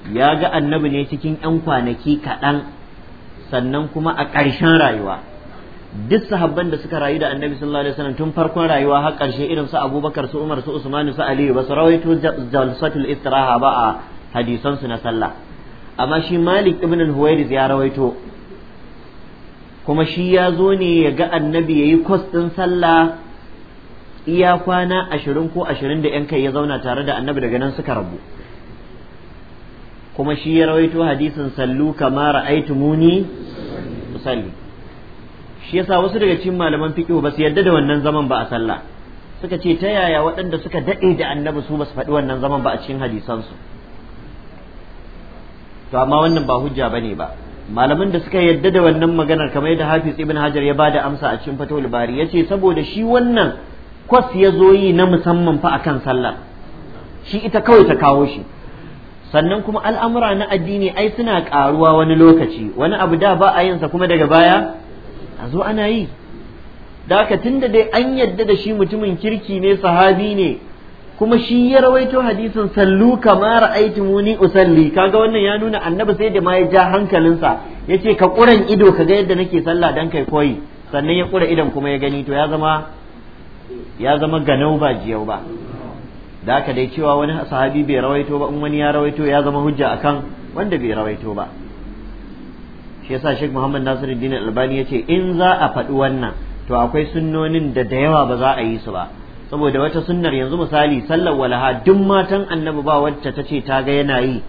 ya ga annabi ne cikin 'yan kwanaki kaɗan sannan kuma a ƙarshen rayuwa duk sahabban da suka rayu da annabi sallallahu alaihi wasallam tun farkon rayuwa har ƙarshe irin su abubakar su umar su usman su aliyu ba su rawaito jalsatul istiraha ba a hadisan su na sallah amma shi malik ibn al-huwairis ya rawaito kuma shi ya zo ne ya ga annabi yayi kwas din sallah iya kwana ashirin ko ashirin da yan kai ya zauna tare da annabi daga nan suka rabu kuma shi ya rawaito hadisin sallu kama ra'aitu muni usalli shi yasa wasu daga cikin malaman fiqh ba su yadda da wannan zaman ba a sallah suka ce ta yaya waɗanda suka daɗe da annabi su ba su faɗi wannan zaman ba a cikin hadisansu to amma wannan ba hujja bane ba malaman da suka yadda da wannan maganar kamar yadda Hafiz Ibn Hajar ya bada amsa a cikin Fathul Bari yace saboda shi wannan kwas ya zo yi na musamman fa akan sallah shi ita kawai ta kawo shi sannan kuma al'amura na addini ai suna ƙaruwa wani lokaci wani abu da ba a yinsa kuma daga baya a zo ana yi da tunda dai an yadda da shi mutumin kirki ne sahabi ne kuma shi ya rawaito hadisin sallu kamar, ra'aitu muni usalli kaga wannan ya nuna annabi sai da ma ya ja hankalinsa yace ka kuran ido ka ga yadda nake sallah dan kai koyi sannan ya kura idan kuma ya gani to ya zama ya zama ganau ba jiyau ba da aka dai cewa wani sahabi bai rawaito ba in wani ya rawaito ya zama hujja akan wanda bai rawaito ba shi yasa Sheikh Muhammad Nasiruddin Albani yace in za a faɗi wannan to akwai sunnonin da da yawa ba za a yi su ba saboda wata sunnar yanzu misali sallar walaha duk matan annabi ba wacce ta ce ta ga yana yi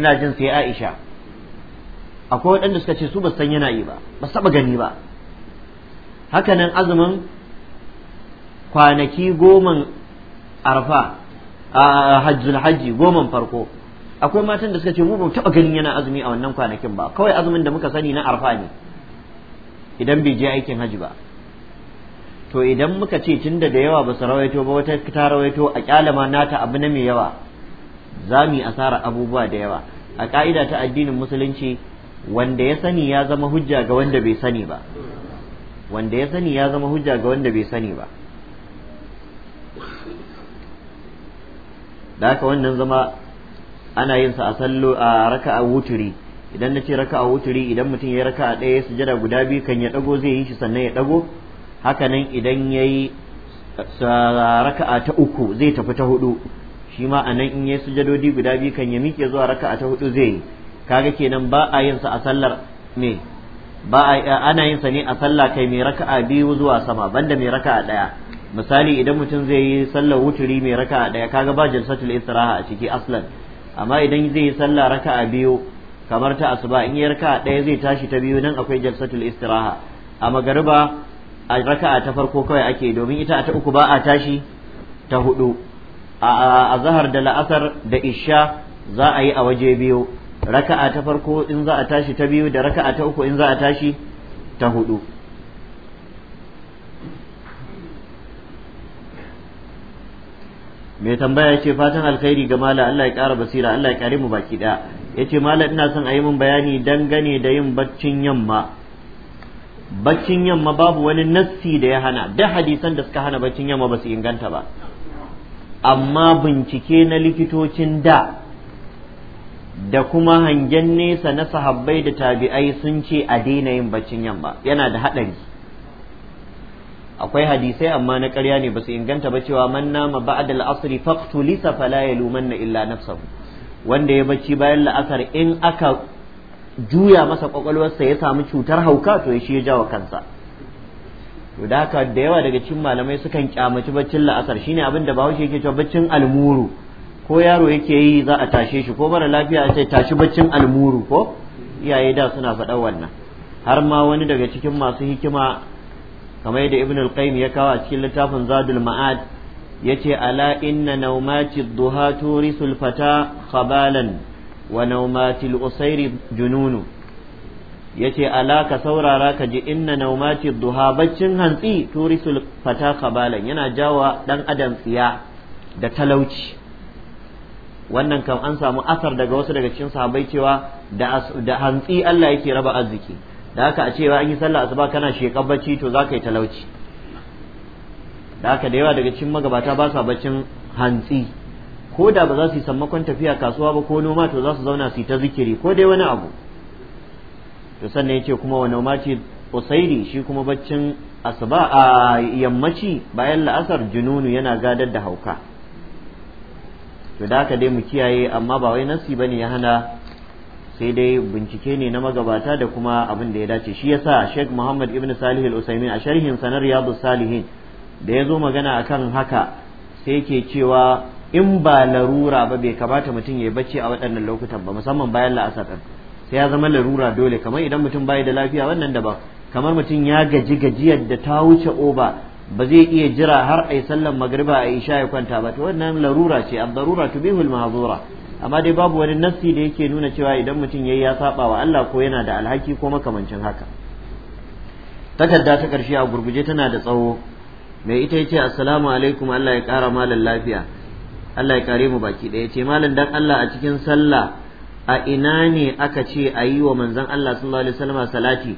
ina jin sai Aisha akwai waɗanda suka ce su ba san yana yi ba ba saba gani ba hakanan azumin kwanaki goma arfa a hajjul hajji goman farko akwai matan da suka ce mu ba taɓa ganin yana azumi a wannan kwanakin ba kawai azumin da muka sani na arfa ne idan bai je aikin hajji ba to idan muka ce tunda da yawa ba su rawaito ba wata ta rawaito a kyalama nata abu na mai yawa za mu yi asara abubuwa da yawa a ka'ida ta addinin musulunci wanda ya sani ya zama hujja ga wanda bai sani ba wanda ya sani ya zama hujja ga wanda bai sani ba da haka wannan zama ana yin sa a sallo a raka'a wuturi idan na ce raka'a wuturi idan mutum ya raka'a ɗaya ya sujada guda biyu kan ya ɗago zai yi shi sannan ya ɗago haka nan idan ya yi raka'a ta uku zai tafi ta hudu shi ma a nan in ya sujadodi guda biyu kan ya miƙe zuwa raka'a ta hudu zai yi kaga kenan ba a yin sa a sallar me ba ana yin sa ne a sallah kai mai raka'a biyu zuwa sama banda mai raka'a ɗaya misali idan mutum zai yi sallar wuturi mai raka'a ɗaya kaga ba jalsatul istiraha a ciki aslan amma idan zai yi sallah a biyu kamar ta asuba in yi a ɗaya zai tashi ta biyu nan akwai jalsatul istiraha a magariba a raka'a ta farko kawai ake domin ita a ta uku ba a tashi ta hudu a azhar da la'asar da isha za a yi a waje biyu raka'a ta farko in za a tashi ta biyu da raka'a ta uku in za a tashi ta hudu mai tambaya ce fatan alkhairi ga mala Allah ya ƙara basira Allah ya ƙare mu baki ɗaya ya ce mala ina son a yi min bayani dangane da yin baccin yamma baccin yamma babu wani nassi da ya hana da hadisan da suka hana baccin yamma ba su inganta ba amma bincike na likitocin da da kuma hangen nesa na sahabbai da tabi'ai sun ce a daina yin baccin yamma yana da haɗari akwai hadisai amma na ƙarya ne ba su inganta ba cewa man nama ba'da al-asri faqtulisa fala yalumanna illa nafsahu wanda ya bacci bayan la'asar in aka juya masa kwakwalwarsa ya samu cutar hauka to ya shi ya jawo kansa to da haka da yawa daga cikin malamai sukan kyamaci baccin la'asar shine abin da bahaushe yake cewa baccin almuru ko yaro yake yi za a tashe shi ko mara lafiya a ce tashi baccin almuru ko iyaye da suna faɗa wannan har ma wani daga cikin masu hikima kamar yadda ibn al-qayyim ya kawo a cikin littafin zadul ma'ad yace ala inna nawmati ad-duha turisul fata khabalan wa nawmati al-usairi jununu yace ala ka saurara ka ji inna nawmati ad-duha baccin hantsi turisul fata khabalan yana jawa dan adam tsiya da talauci wannan kam an samu asar daga wasu daga cikin sahabbai cewa da hantsi Allah yake raba arziki da haka a cewa an yi sallah asuba kana sheƙar bacci to za ka yi talauci da haka da yawa daga cikin magabata ba sa baccin hantsi ko da ba za su yi sammakon tafiya kasuwa ba ko noma to za su zauna su yi ta zikiri ko dai wani abu to sannan ya ce kuma wa noma ce usairi shi kuma baccin asuba a yammaci bayan la'asar jununu yana gadar da hauka to da haka dai mu kiyaye amma ba wai nasi bane ya hana sai dai bincike ne na magabata da kuma abin da ya dace shi yasa Sheikh Muhammad Ibn Salih Al-Usaimin a sharhin sanar Riyadus Salihin da ya zo magana akan haka sai yake cewa in ba larura ba bai kamata mutum ya bacci a waɗannan lokutan ba musamman bayan la'asar ɗin. sai ya zama larura dole kamar idan mutum bai da lafiya wannan da ba kamar mutum ya gaji gajiyar da ta wuce oba ba zai iya jira har ai sallan magriba a isha ya kwanta ba to wannan larura ce ad-darura tubihul mahzura amma dai babu wani nassi da yake nuna cewa idan mutum yayi ya saba wa Allah ko yana da alhaki ko makamancin haka takarda ta karshe a gurguje tana da tsawo mai ita yace assalamu alaikum Allah ya kara malan lafiya Allah ya kare mu baki daya yace malan dan Allah a cikin sallah a ina ne aka ce a yi wa manzon Allah sallallahu alaihi wasallam salati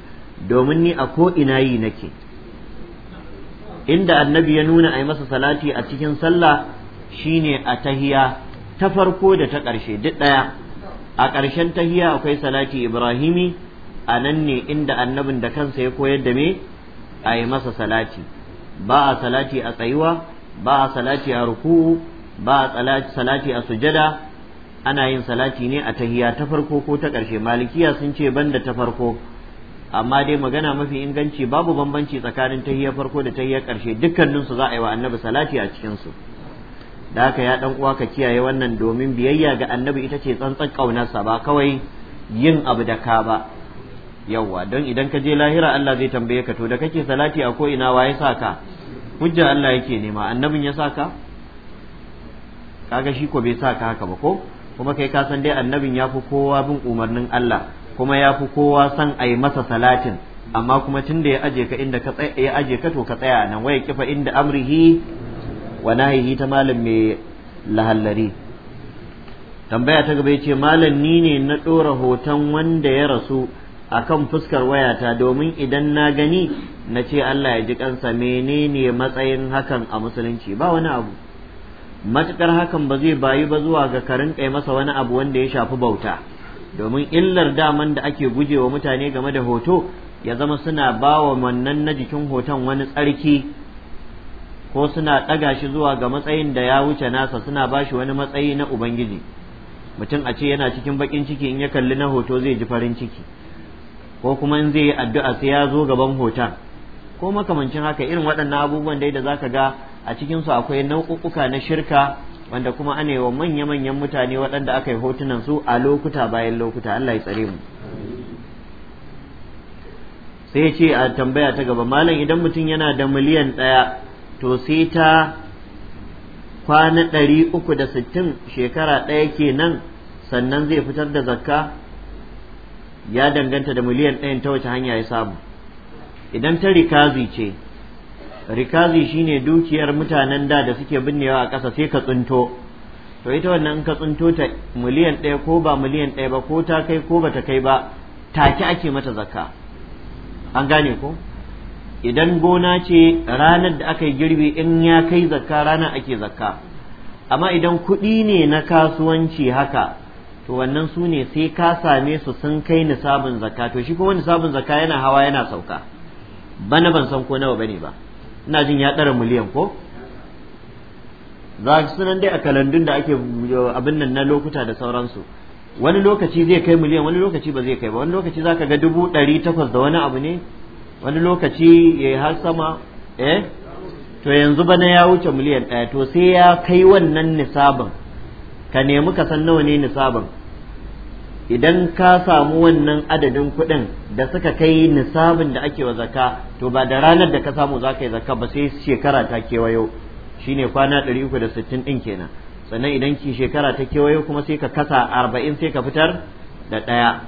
domin ni a ko ina yi nake inda annabi ya nuna a yi masa salati a cikin sallah shine a tahiya ta farko da ta ƙarshe duk ɗaya a ƙarshen tahiya akwai salati ibrahimi a nan ne inda annabin da kansa ya koyar da me a yi masa salati ba a salati a tsayuwa ba a salati a ruku'u ba a salati a sujada ana yin salati ne a tahiya ta farko ko ta ƙarshe malikiya sun ce banda ta farko amma dai magana mafi inganci babu bambanci tsakanin tahiya farko da tahiya ƙarshe dukkaninsu za a yi wa annabi salati a cikinsu da haka ya dan uwa ka kiyaye wannan domin biyayya ga annabi ita ce tsantsan kaunarsa ba kawai yin abu da ka ba yawa don idan ka je lahira Allah zai tambaye ka to da kake salati a ko ina waye saka hujja Allah yake nema annabin ya saka kaga shi ko bai ka haka ba ko kuma kai ka san dai annabin ya fi kowa bin umarnin Allah kuma ya fi kowa san a yi masa salatin amma kuma tunda ya aje ka inda ka ya aje ka to ka tsaya nan waya kifa inda amrihi wa nahihi ta malam mai lahallari tambaya ta gaba yace malam ni ne na ɗora hoton wanda ya rasu akan fuskar wayata domin idan na gani na ce Allah ya ji kansa menene matsayin hakan a musulunci ba wani abu matukar hakan ba zai bayi ba zuwa ga karin kai masa wani abu wanda ya shafi bauta domin illar daman da ake gujewa mutane game da hoto ya zama suna ba wa wannan na jikin hoton wani tsarki ko suna ɗaga shi zuwa ga matsayin da ya wuce nasa suna ba shi wani matsayi na ubangiji mutum a ce yana cikin baƙin ciki in ya kalli na hoto zai ji farin ciki ko kuma in zai yi addu'a sai ya zo gaban hoton ko makamancin haka irin waɗannan abubuwan dai da zaka ga a cikinsu akwai nau'uka na shirka wanda kuma ana wa manya-manyan mutane waɗanda aka yi hotunan su a lokuta bayan lokuta Allah ya tsare mu sai ce a tambaya ta gaba malam idan mutum yana da miliyan ɗaya to sai ta kwana ɗari uku da sittin shekara ɗaya kenan sannan zai fitar da zakka ya danganta da miliyan ɗayan ta wace hanya ya samu idan ta rikazi ce rikazi shine dukiyar mutanen da da suke binnewa a ƙasa sai ka tsinto to ita wannan ka tsinto ta miliyan ɗaya ko ba miliyan ɗaya ba ko ta kai ko ba ta kai ba take ake mata zakka an gane ko idan gona ce ranar da aka yi girbi in ya kai zakka ranar ake zakka amma idan kuɗi ne na kasuwanci haka to wannan su ne sai ka same su sun kai nisabin zakka to shi kuma nisabin zakka yana hawa yana sauka bana ban san ko nawa bane ba ina jin ya ɗara miliyan ko za su nan dai a kalandun da ake abin nan na lokuta da sauransu wani lokaci zai kai miliyan wani lokaci ba zai kai ba wani lokaci za ka ga dubu ɗari takwas da wani abu ne wani lokaci ya yi har sama eh to yanzu bana ya wuce miliyan ɗaya to sai ya kai wannan nisabin ka nemi ka san nawa ne nisabin idan ka samu wannan adadin kuɗin da suka kai nisabin da ake wa zaka to ba da ranar da ka samu za ka yi zakka ba sai shekara ta kewayo shine kwana 360 ɗin kenan sannan idan ki shekara ta kewayo kuma sai ka kasa 40 sai ka fitar da ɗaya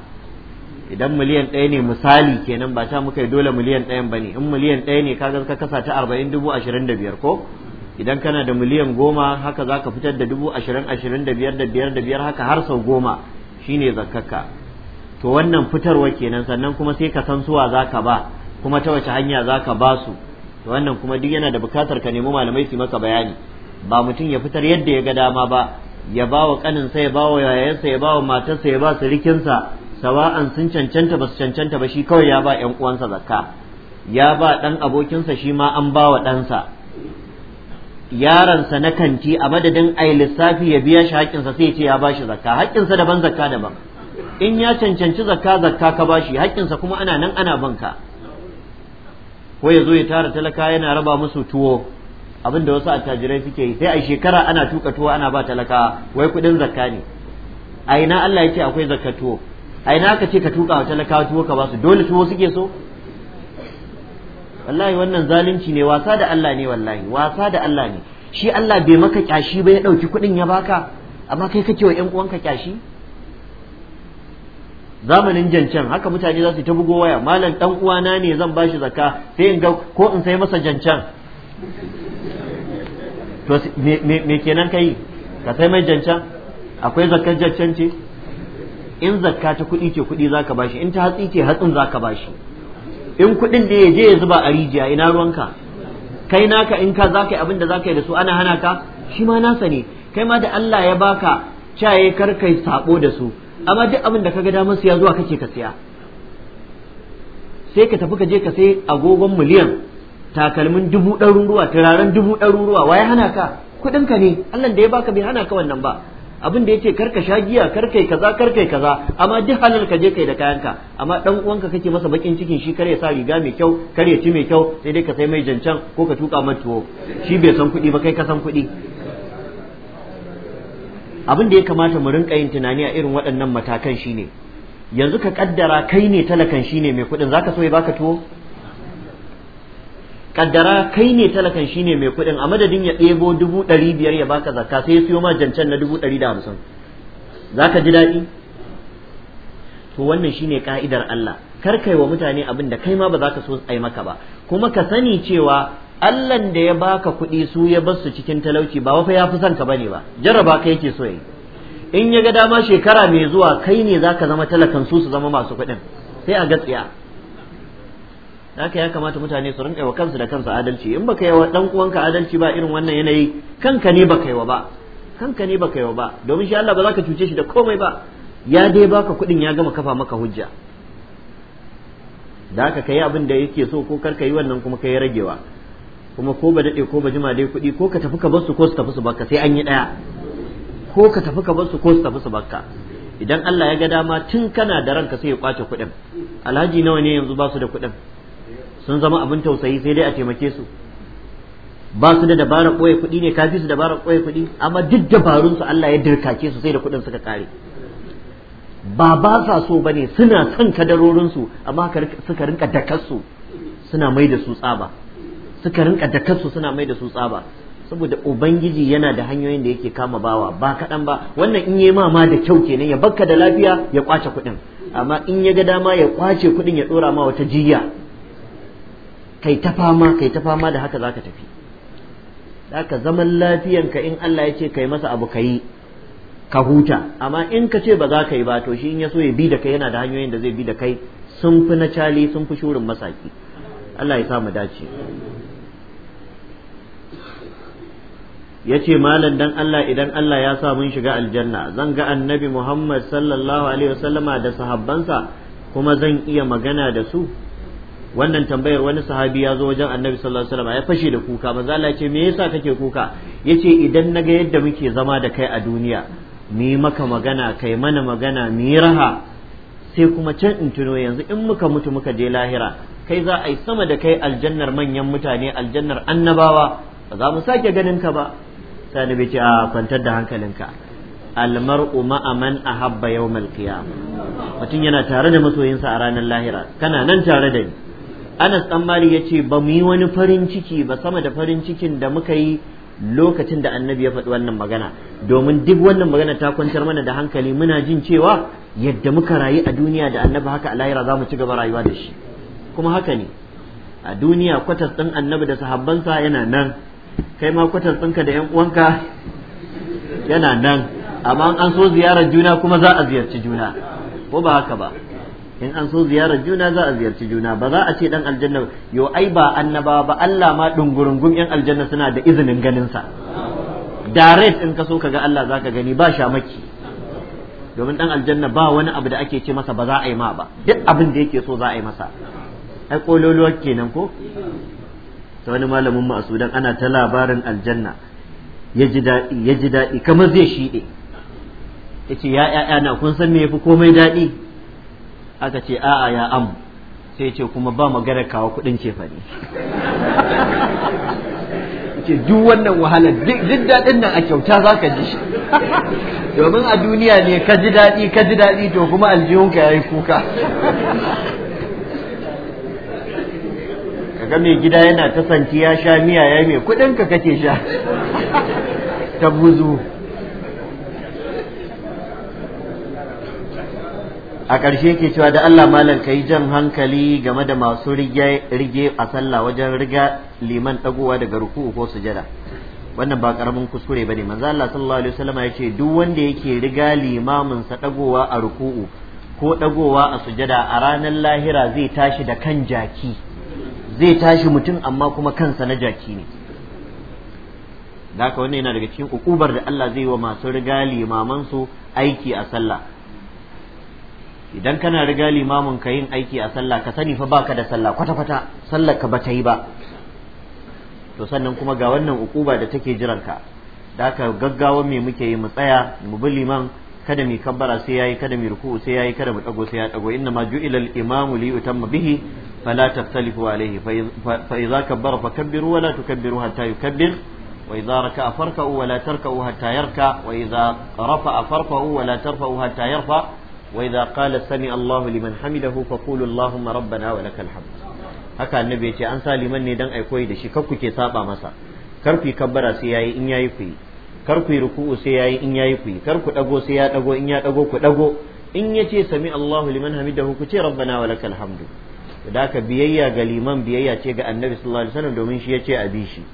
idan miliyan ɗaya ne misali kenan ba ta muka yi dole miliyan ɗayan ba ne in miliyan ɗaya ne kaga ka kasa ta arba'in dubu ashirin da biyar ko idan kana da miliyan goma haka za ka fitar da dubu ashirin ashirin da biyar da biyar da biyar haka har sau goma shine zakkaka to wannan fitarwa kenan sannan kuma sai ka san suwa za ka ba kuma ta wace hanya za ka ba su to wannan kuma duk yana da bukatar ka nemi malamai su maka bayani ba mutum ya fitar yadda ya ga dama ba ya ba wa ƙaninsa ya ba wa yayansa ya ba wa matarsa ya ba su rikinsa sawa'an sun cancanta ba su cancanta ba shi kawai ya ba yan uwansa zakka ya ba ɗan abokinsa shi ma an ba wa ɗansa yaransa na kanti a madadin a lissafi ya biya shi haƙƙinsa sai ce ya ba shi zakka haƙƙinsa daban zakka daban in ya cancanci zakka zakka ka ba shi haƙƙinsa kuma ana nan ana banka ko ya zo ya tara talaka yana raba musu tuwo abinda wasu attajirai suke yi sai a shekara ana tuka tuwo ana ba talaka wai kuɗin zakka ne a ina Allah ya ce akwai zakka tuwo ai na ka ce ka tuka wa talakawa tuwo ka basu dole tuwo suke so wallahi wannan zalunci ne wasa da Allah ne wallahi wasa da Allah ne shi Allah bai maka kyashi ba ya ɗauki kuɗin ya baka amma kai kake wa 'yan uwanka kyashi zamanin jancan haka mutane za su ta bugo waya malam dan uwana ne zan bashi zakka sai in ga ko in sai masa jancan to me kenan kai ka sai mai jancan akwai zakkar jancan ce in zakka ta kuɗi ce kuɗi zaka bashi in ta hatsi ce hatsin zaka bashi in kuɗin da ya je ya zuba a rijiya ina ruwanka kai naka in ka zaka yi abin da zaka yi da su ana hana ka shi ma nasa ne kai ma da Allah ya baka caye kar kai sabo da su amma duk abin da kaga damar siya zuwa kake ka siya sai ka tafi ka je ka sai agogon miliyan takalmin dubu ɗarurruwa turaren dubu ɗarurruwa wa hana ka kuɗinka ne Allah da ya baka bai hana ka wannan ba abin da yace karka sha giya kai kaza kai kaza amma duk halal ka je kai da kayanka amma dan uwanka kake masa bakin cikin shi kare ya sa riga mai kyau kare ya ci mai kyau sai dai ka sai mai jancan ko ka tuka mai tuwo shi bai san kuɗi ba kai ka san kuɗi abin da ya kamata mu rinka yin tunani a irin waɗannan matakan shine yanzu ka kaddara kai ne talakan shine mai kuɗin zaka so ya baka tuwo kaddara kai ne talakan shine mai kuɗin a madadin ya ɗebo dubu ɗari biyar ya baka zakka sai ya siyo ma jancan na dubu ɗari da hamsin za ka ji daɗi to wannan shine ka'idar Allah kar kai wa mutane abin da kai ma ba za ka so ai maka ba kuma ka sani cewa Allahn da ya baka kuɗi su ya bar su cikin talauci ba wafa ya fi son ka bane ba jarraba ka yake so yi in ya ga dama shekara mai zuwa kai ne za ka zama talakan su su zama masu kuɗin sai a gaskiya haka ya kamata mutane su rinka wa kansu da kansu adalci in baka yi wa dan uwanka adalci ba irin wannan yanayi kanka ne baka yi wa ba kanka ne baka yi wa ba domin shi Allah ba za ka cuce shi da komai ba ya dai baka kuɗin ya gama kafa maka hujja da haka kai abin da yake so ko kar ka yi wannan kuma kai ragewa kuma ko ba dade ko ba jima dai kuɗi ko ka tafi ka bar su ko su tafi su baka sai an yi ɗaya ko ka tafi ka bar su ko su tafi su baka idan Allah ya ga dama tun kana da ranka sai ya kwace kuɗin alhaji nawa ne yanzu ba su da kuɗin sun zama abin tausayi sai dai a taimake su ba su da dabarar koya kuɗi ne kafi su dabarar koya kuɗi amma duk dabarun su Allah ya dirkake su sai da kuɗin suka kare ba ba sa so bane suna son kadarorin su amma suka rinka dakar su suna mai da su tsaba suka rinka dakar su suna mai da su tsaba saboda ubangiji yana da hanyoyin da yake kama bawa ba kaɗan ba wannan in yi mama da kyau kenan ya bakka da lafiya ya kwace kuɗin amma in ya ga dama ya kwace kuɗin ya ɗora ma wata jiya kai ta fama kai ta fama da haka zaka tafi zaka zaman lafiyanka in Allah ya ce kai masa abu kai ka huta amma in ka ce ba za ka yi ba to shi in ya so ya bi da kai yana da hanyoyin da zai bi da kai sun fi na cali sun fi shurin masaki Allah ya samu dace ya ce malam dan Allah idan Allah ya sa mun shiga aljanna zan ga annabi Muhammad sallallahu alaihi wasallama da sahabbansa kuma zan iya magana da su wannan tambayar wani sahabi ya zo wajen annabi sallallahu alaihi wasallam ya fashe da kuka manzo Allah ce me yasa kake kuka yace idan naga yadda muke zama da kai a duniya mi maka magana kai mana magana mi raha sai kuma can in tuno yanzu in muka mutu muka je lahira kai za a yi sama da kai aljannar manyan mutane aljannar annabawa ba za mu sake ganin ka ba sani bai ce a kwantar da hankalinka almar'u ma'a man ahabba yawmal qiyamah mutum yana tare da masoyinsa a ranar lahira kana nan tare da ni Anas dan Malik ce ba mu yi wani farin ciki ba sama da farin cikin da muka yi lokacin da annabi ya faɗi wannan magana domin duk wannan magana ta kwantar mana da hankali muna jin cewa yadda muka rayu a duniya da annabi haka a lahira za mu ci gaba rayuwa da shi kuma haka ne a duniya kwatas ɗin annabi da sahabbansa yana nan kai ma kwatas ɗinka da yan uwanka yana nan amma an so ziyarar juna kuma za a ziyarci juna ko ba haka ba in an so ziyarar juna za a ziyarci juna ba za a ce dan aljanna yo ai ba annaba ba Allah ma dungurungun yan aljanna suna da izinin ganin sa direct in ka so ka ga Allah zaka gani ba shamaki domin dan aljanna ba wani abu da ake ce masa ba za a yi ma ba duk abin da yake so za a yi masa ai kololuwa kenan ko ta wani malamin mu a Sudan ana ta labarin aljanna ya ji daɗi kamar zai shiɗe ya ce ya ‘ya'yana kun san me yafi komai daɗi aka ce a'a ya am sai ce kuma ba maganar kawo kuɗin cefane ce duk wannan wahala duk daɗin nan a kyauta za ka ji shi domin a duniya ne ka ji daɗi ka ji daɗi to kuma aljihunka ya yi kuka Ka ga mai gida yana ta santi ya sha miya ya mai ka kake sha ta buzu a ƙarshe ke cewa da Allah malam ka yi jan hankali game da masu rige a sallah wajen riga liman ɗagowa daga ruku'u ko sujada wannan ba karamin kuskure bane manzo Allah sallallahu alaihi wasallam ya ce duk wanda yake riga limamin sa ɗagowa a ruku'u ko ɗagowa a sujada a ranar lahira zai tashi da kan jaki zai tashi mutum amma kuma kansa na jaki ne da haka wannan yana daga cikin ukubar da Allah zai wa masu riga limaman su aiki a sallah idan kana riga limamin ka yin aiki a sallah ka sani fa baka da sallah kwata kwata sallar ka bata yi ba to sannan kuma ga wannan ukuba da take jiran ka da ka gaggawa me muke yi mu tsaya mu bi liman kada mu kabbara sai yayi kada mu ruku'u sai yayi kada mu dago sai ya dago inna ma ju'ila al-imamu li yutamma bihi fala taftalifu alayhi fa idza kabbara wa la tukabbiru hatta yukabbir wa idza raka'a farka'u wa la tarka'u hatta yarka wa idza rafa'a wa la tarfa'u hatta yarfa' وإذا قال سمع الله لمن حمده فقولوا اللهم ربنا ولك الحمد haka annabi ya ce an sa liman ne dan ai koyi da shi kar ku ke saba masa kar ku kabbara sai yayi in yayi ku yi kar ku ruku'u sai yayi in yayi ku yi kar ku dago sai ya dago in ya dago ku dago in yace sami Allahu liman hamidahu ku ce rabbana walakal hamdu da haka biyayya ga liman biyayya ce ga annabi sallallahu alaihi wasallam domin shi yace a bi shi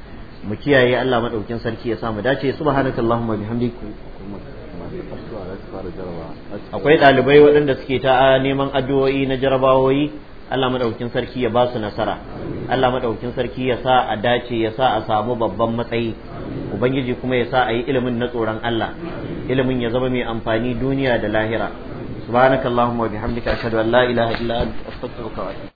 mu kiyaye Allah madaukin sarki ya samu dace subhanakallahumma bihamdika akwai ɗalibai waɗanda suke ta neman addu'o'i na jarabawoyi Allah madaukakin sarki ya ba su nasara Allah maɗaukin sarki ya sa a dace ya sa a samu babban matsayi ubangiji kuma ya sa a yi ilimin na tsoron Allah ilimin ya zama mai amfani duniya da lahira subhanakallahumma wa bihamdika ashhadu an la ilaha illa anta astaghfiruka wa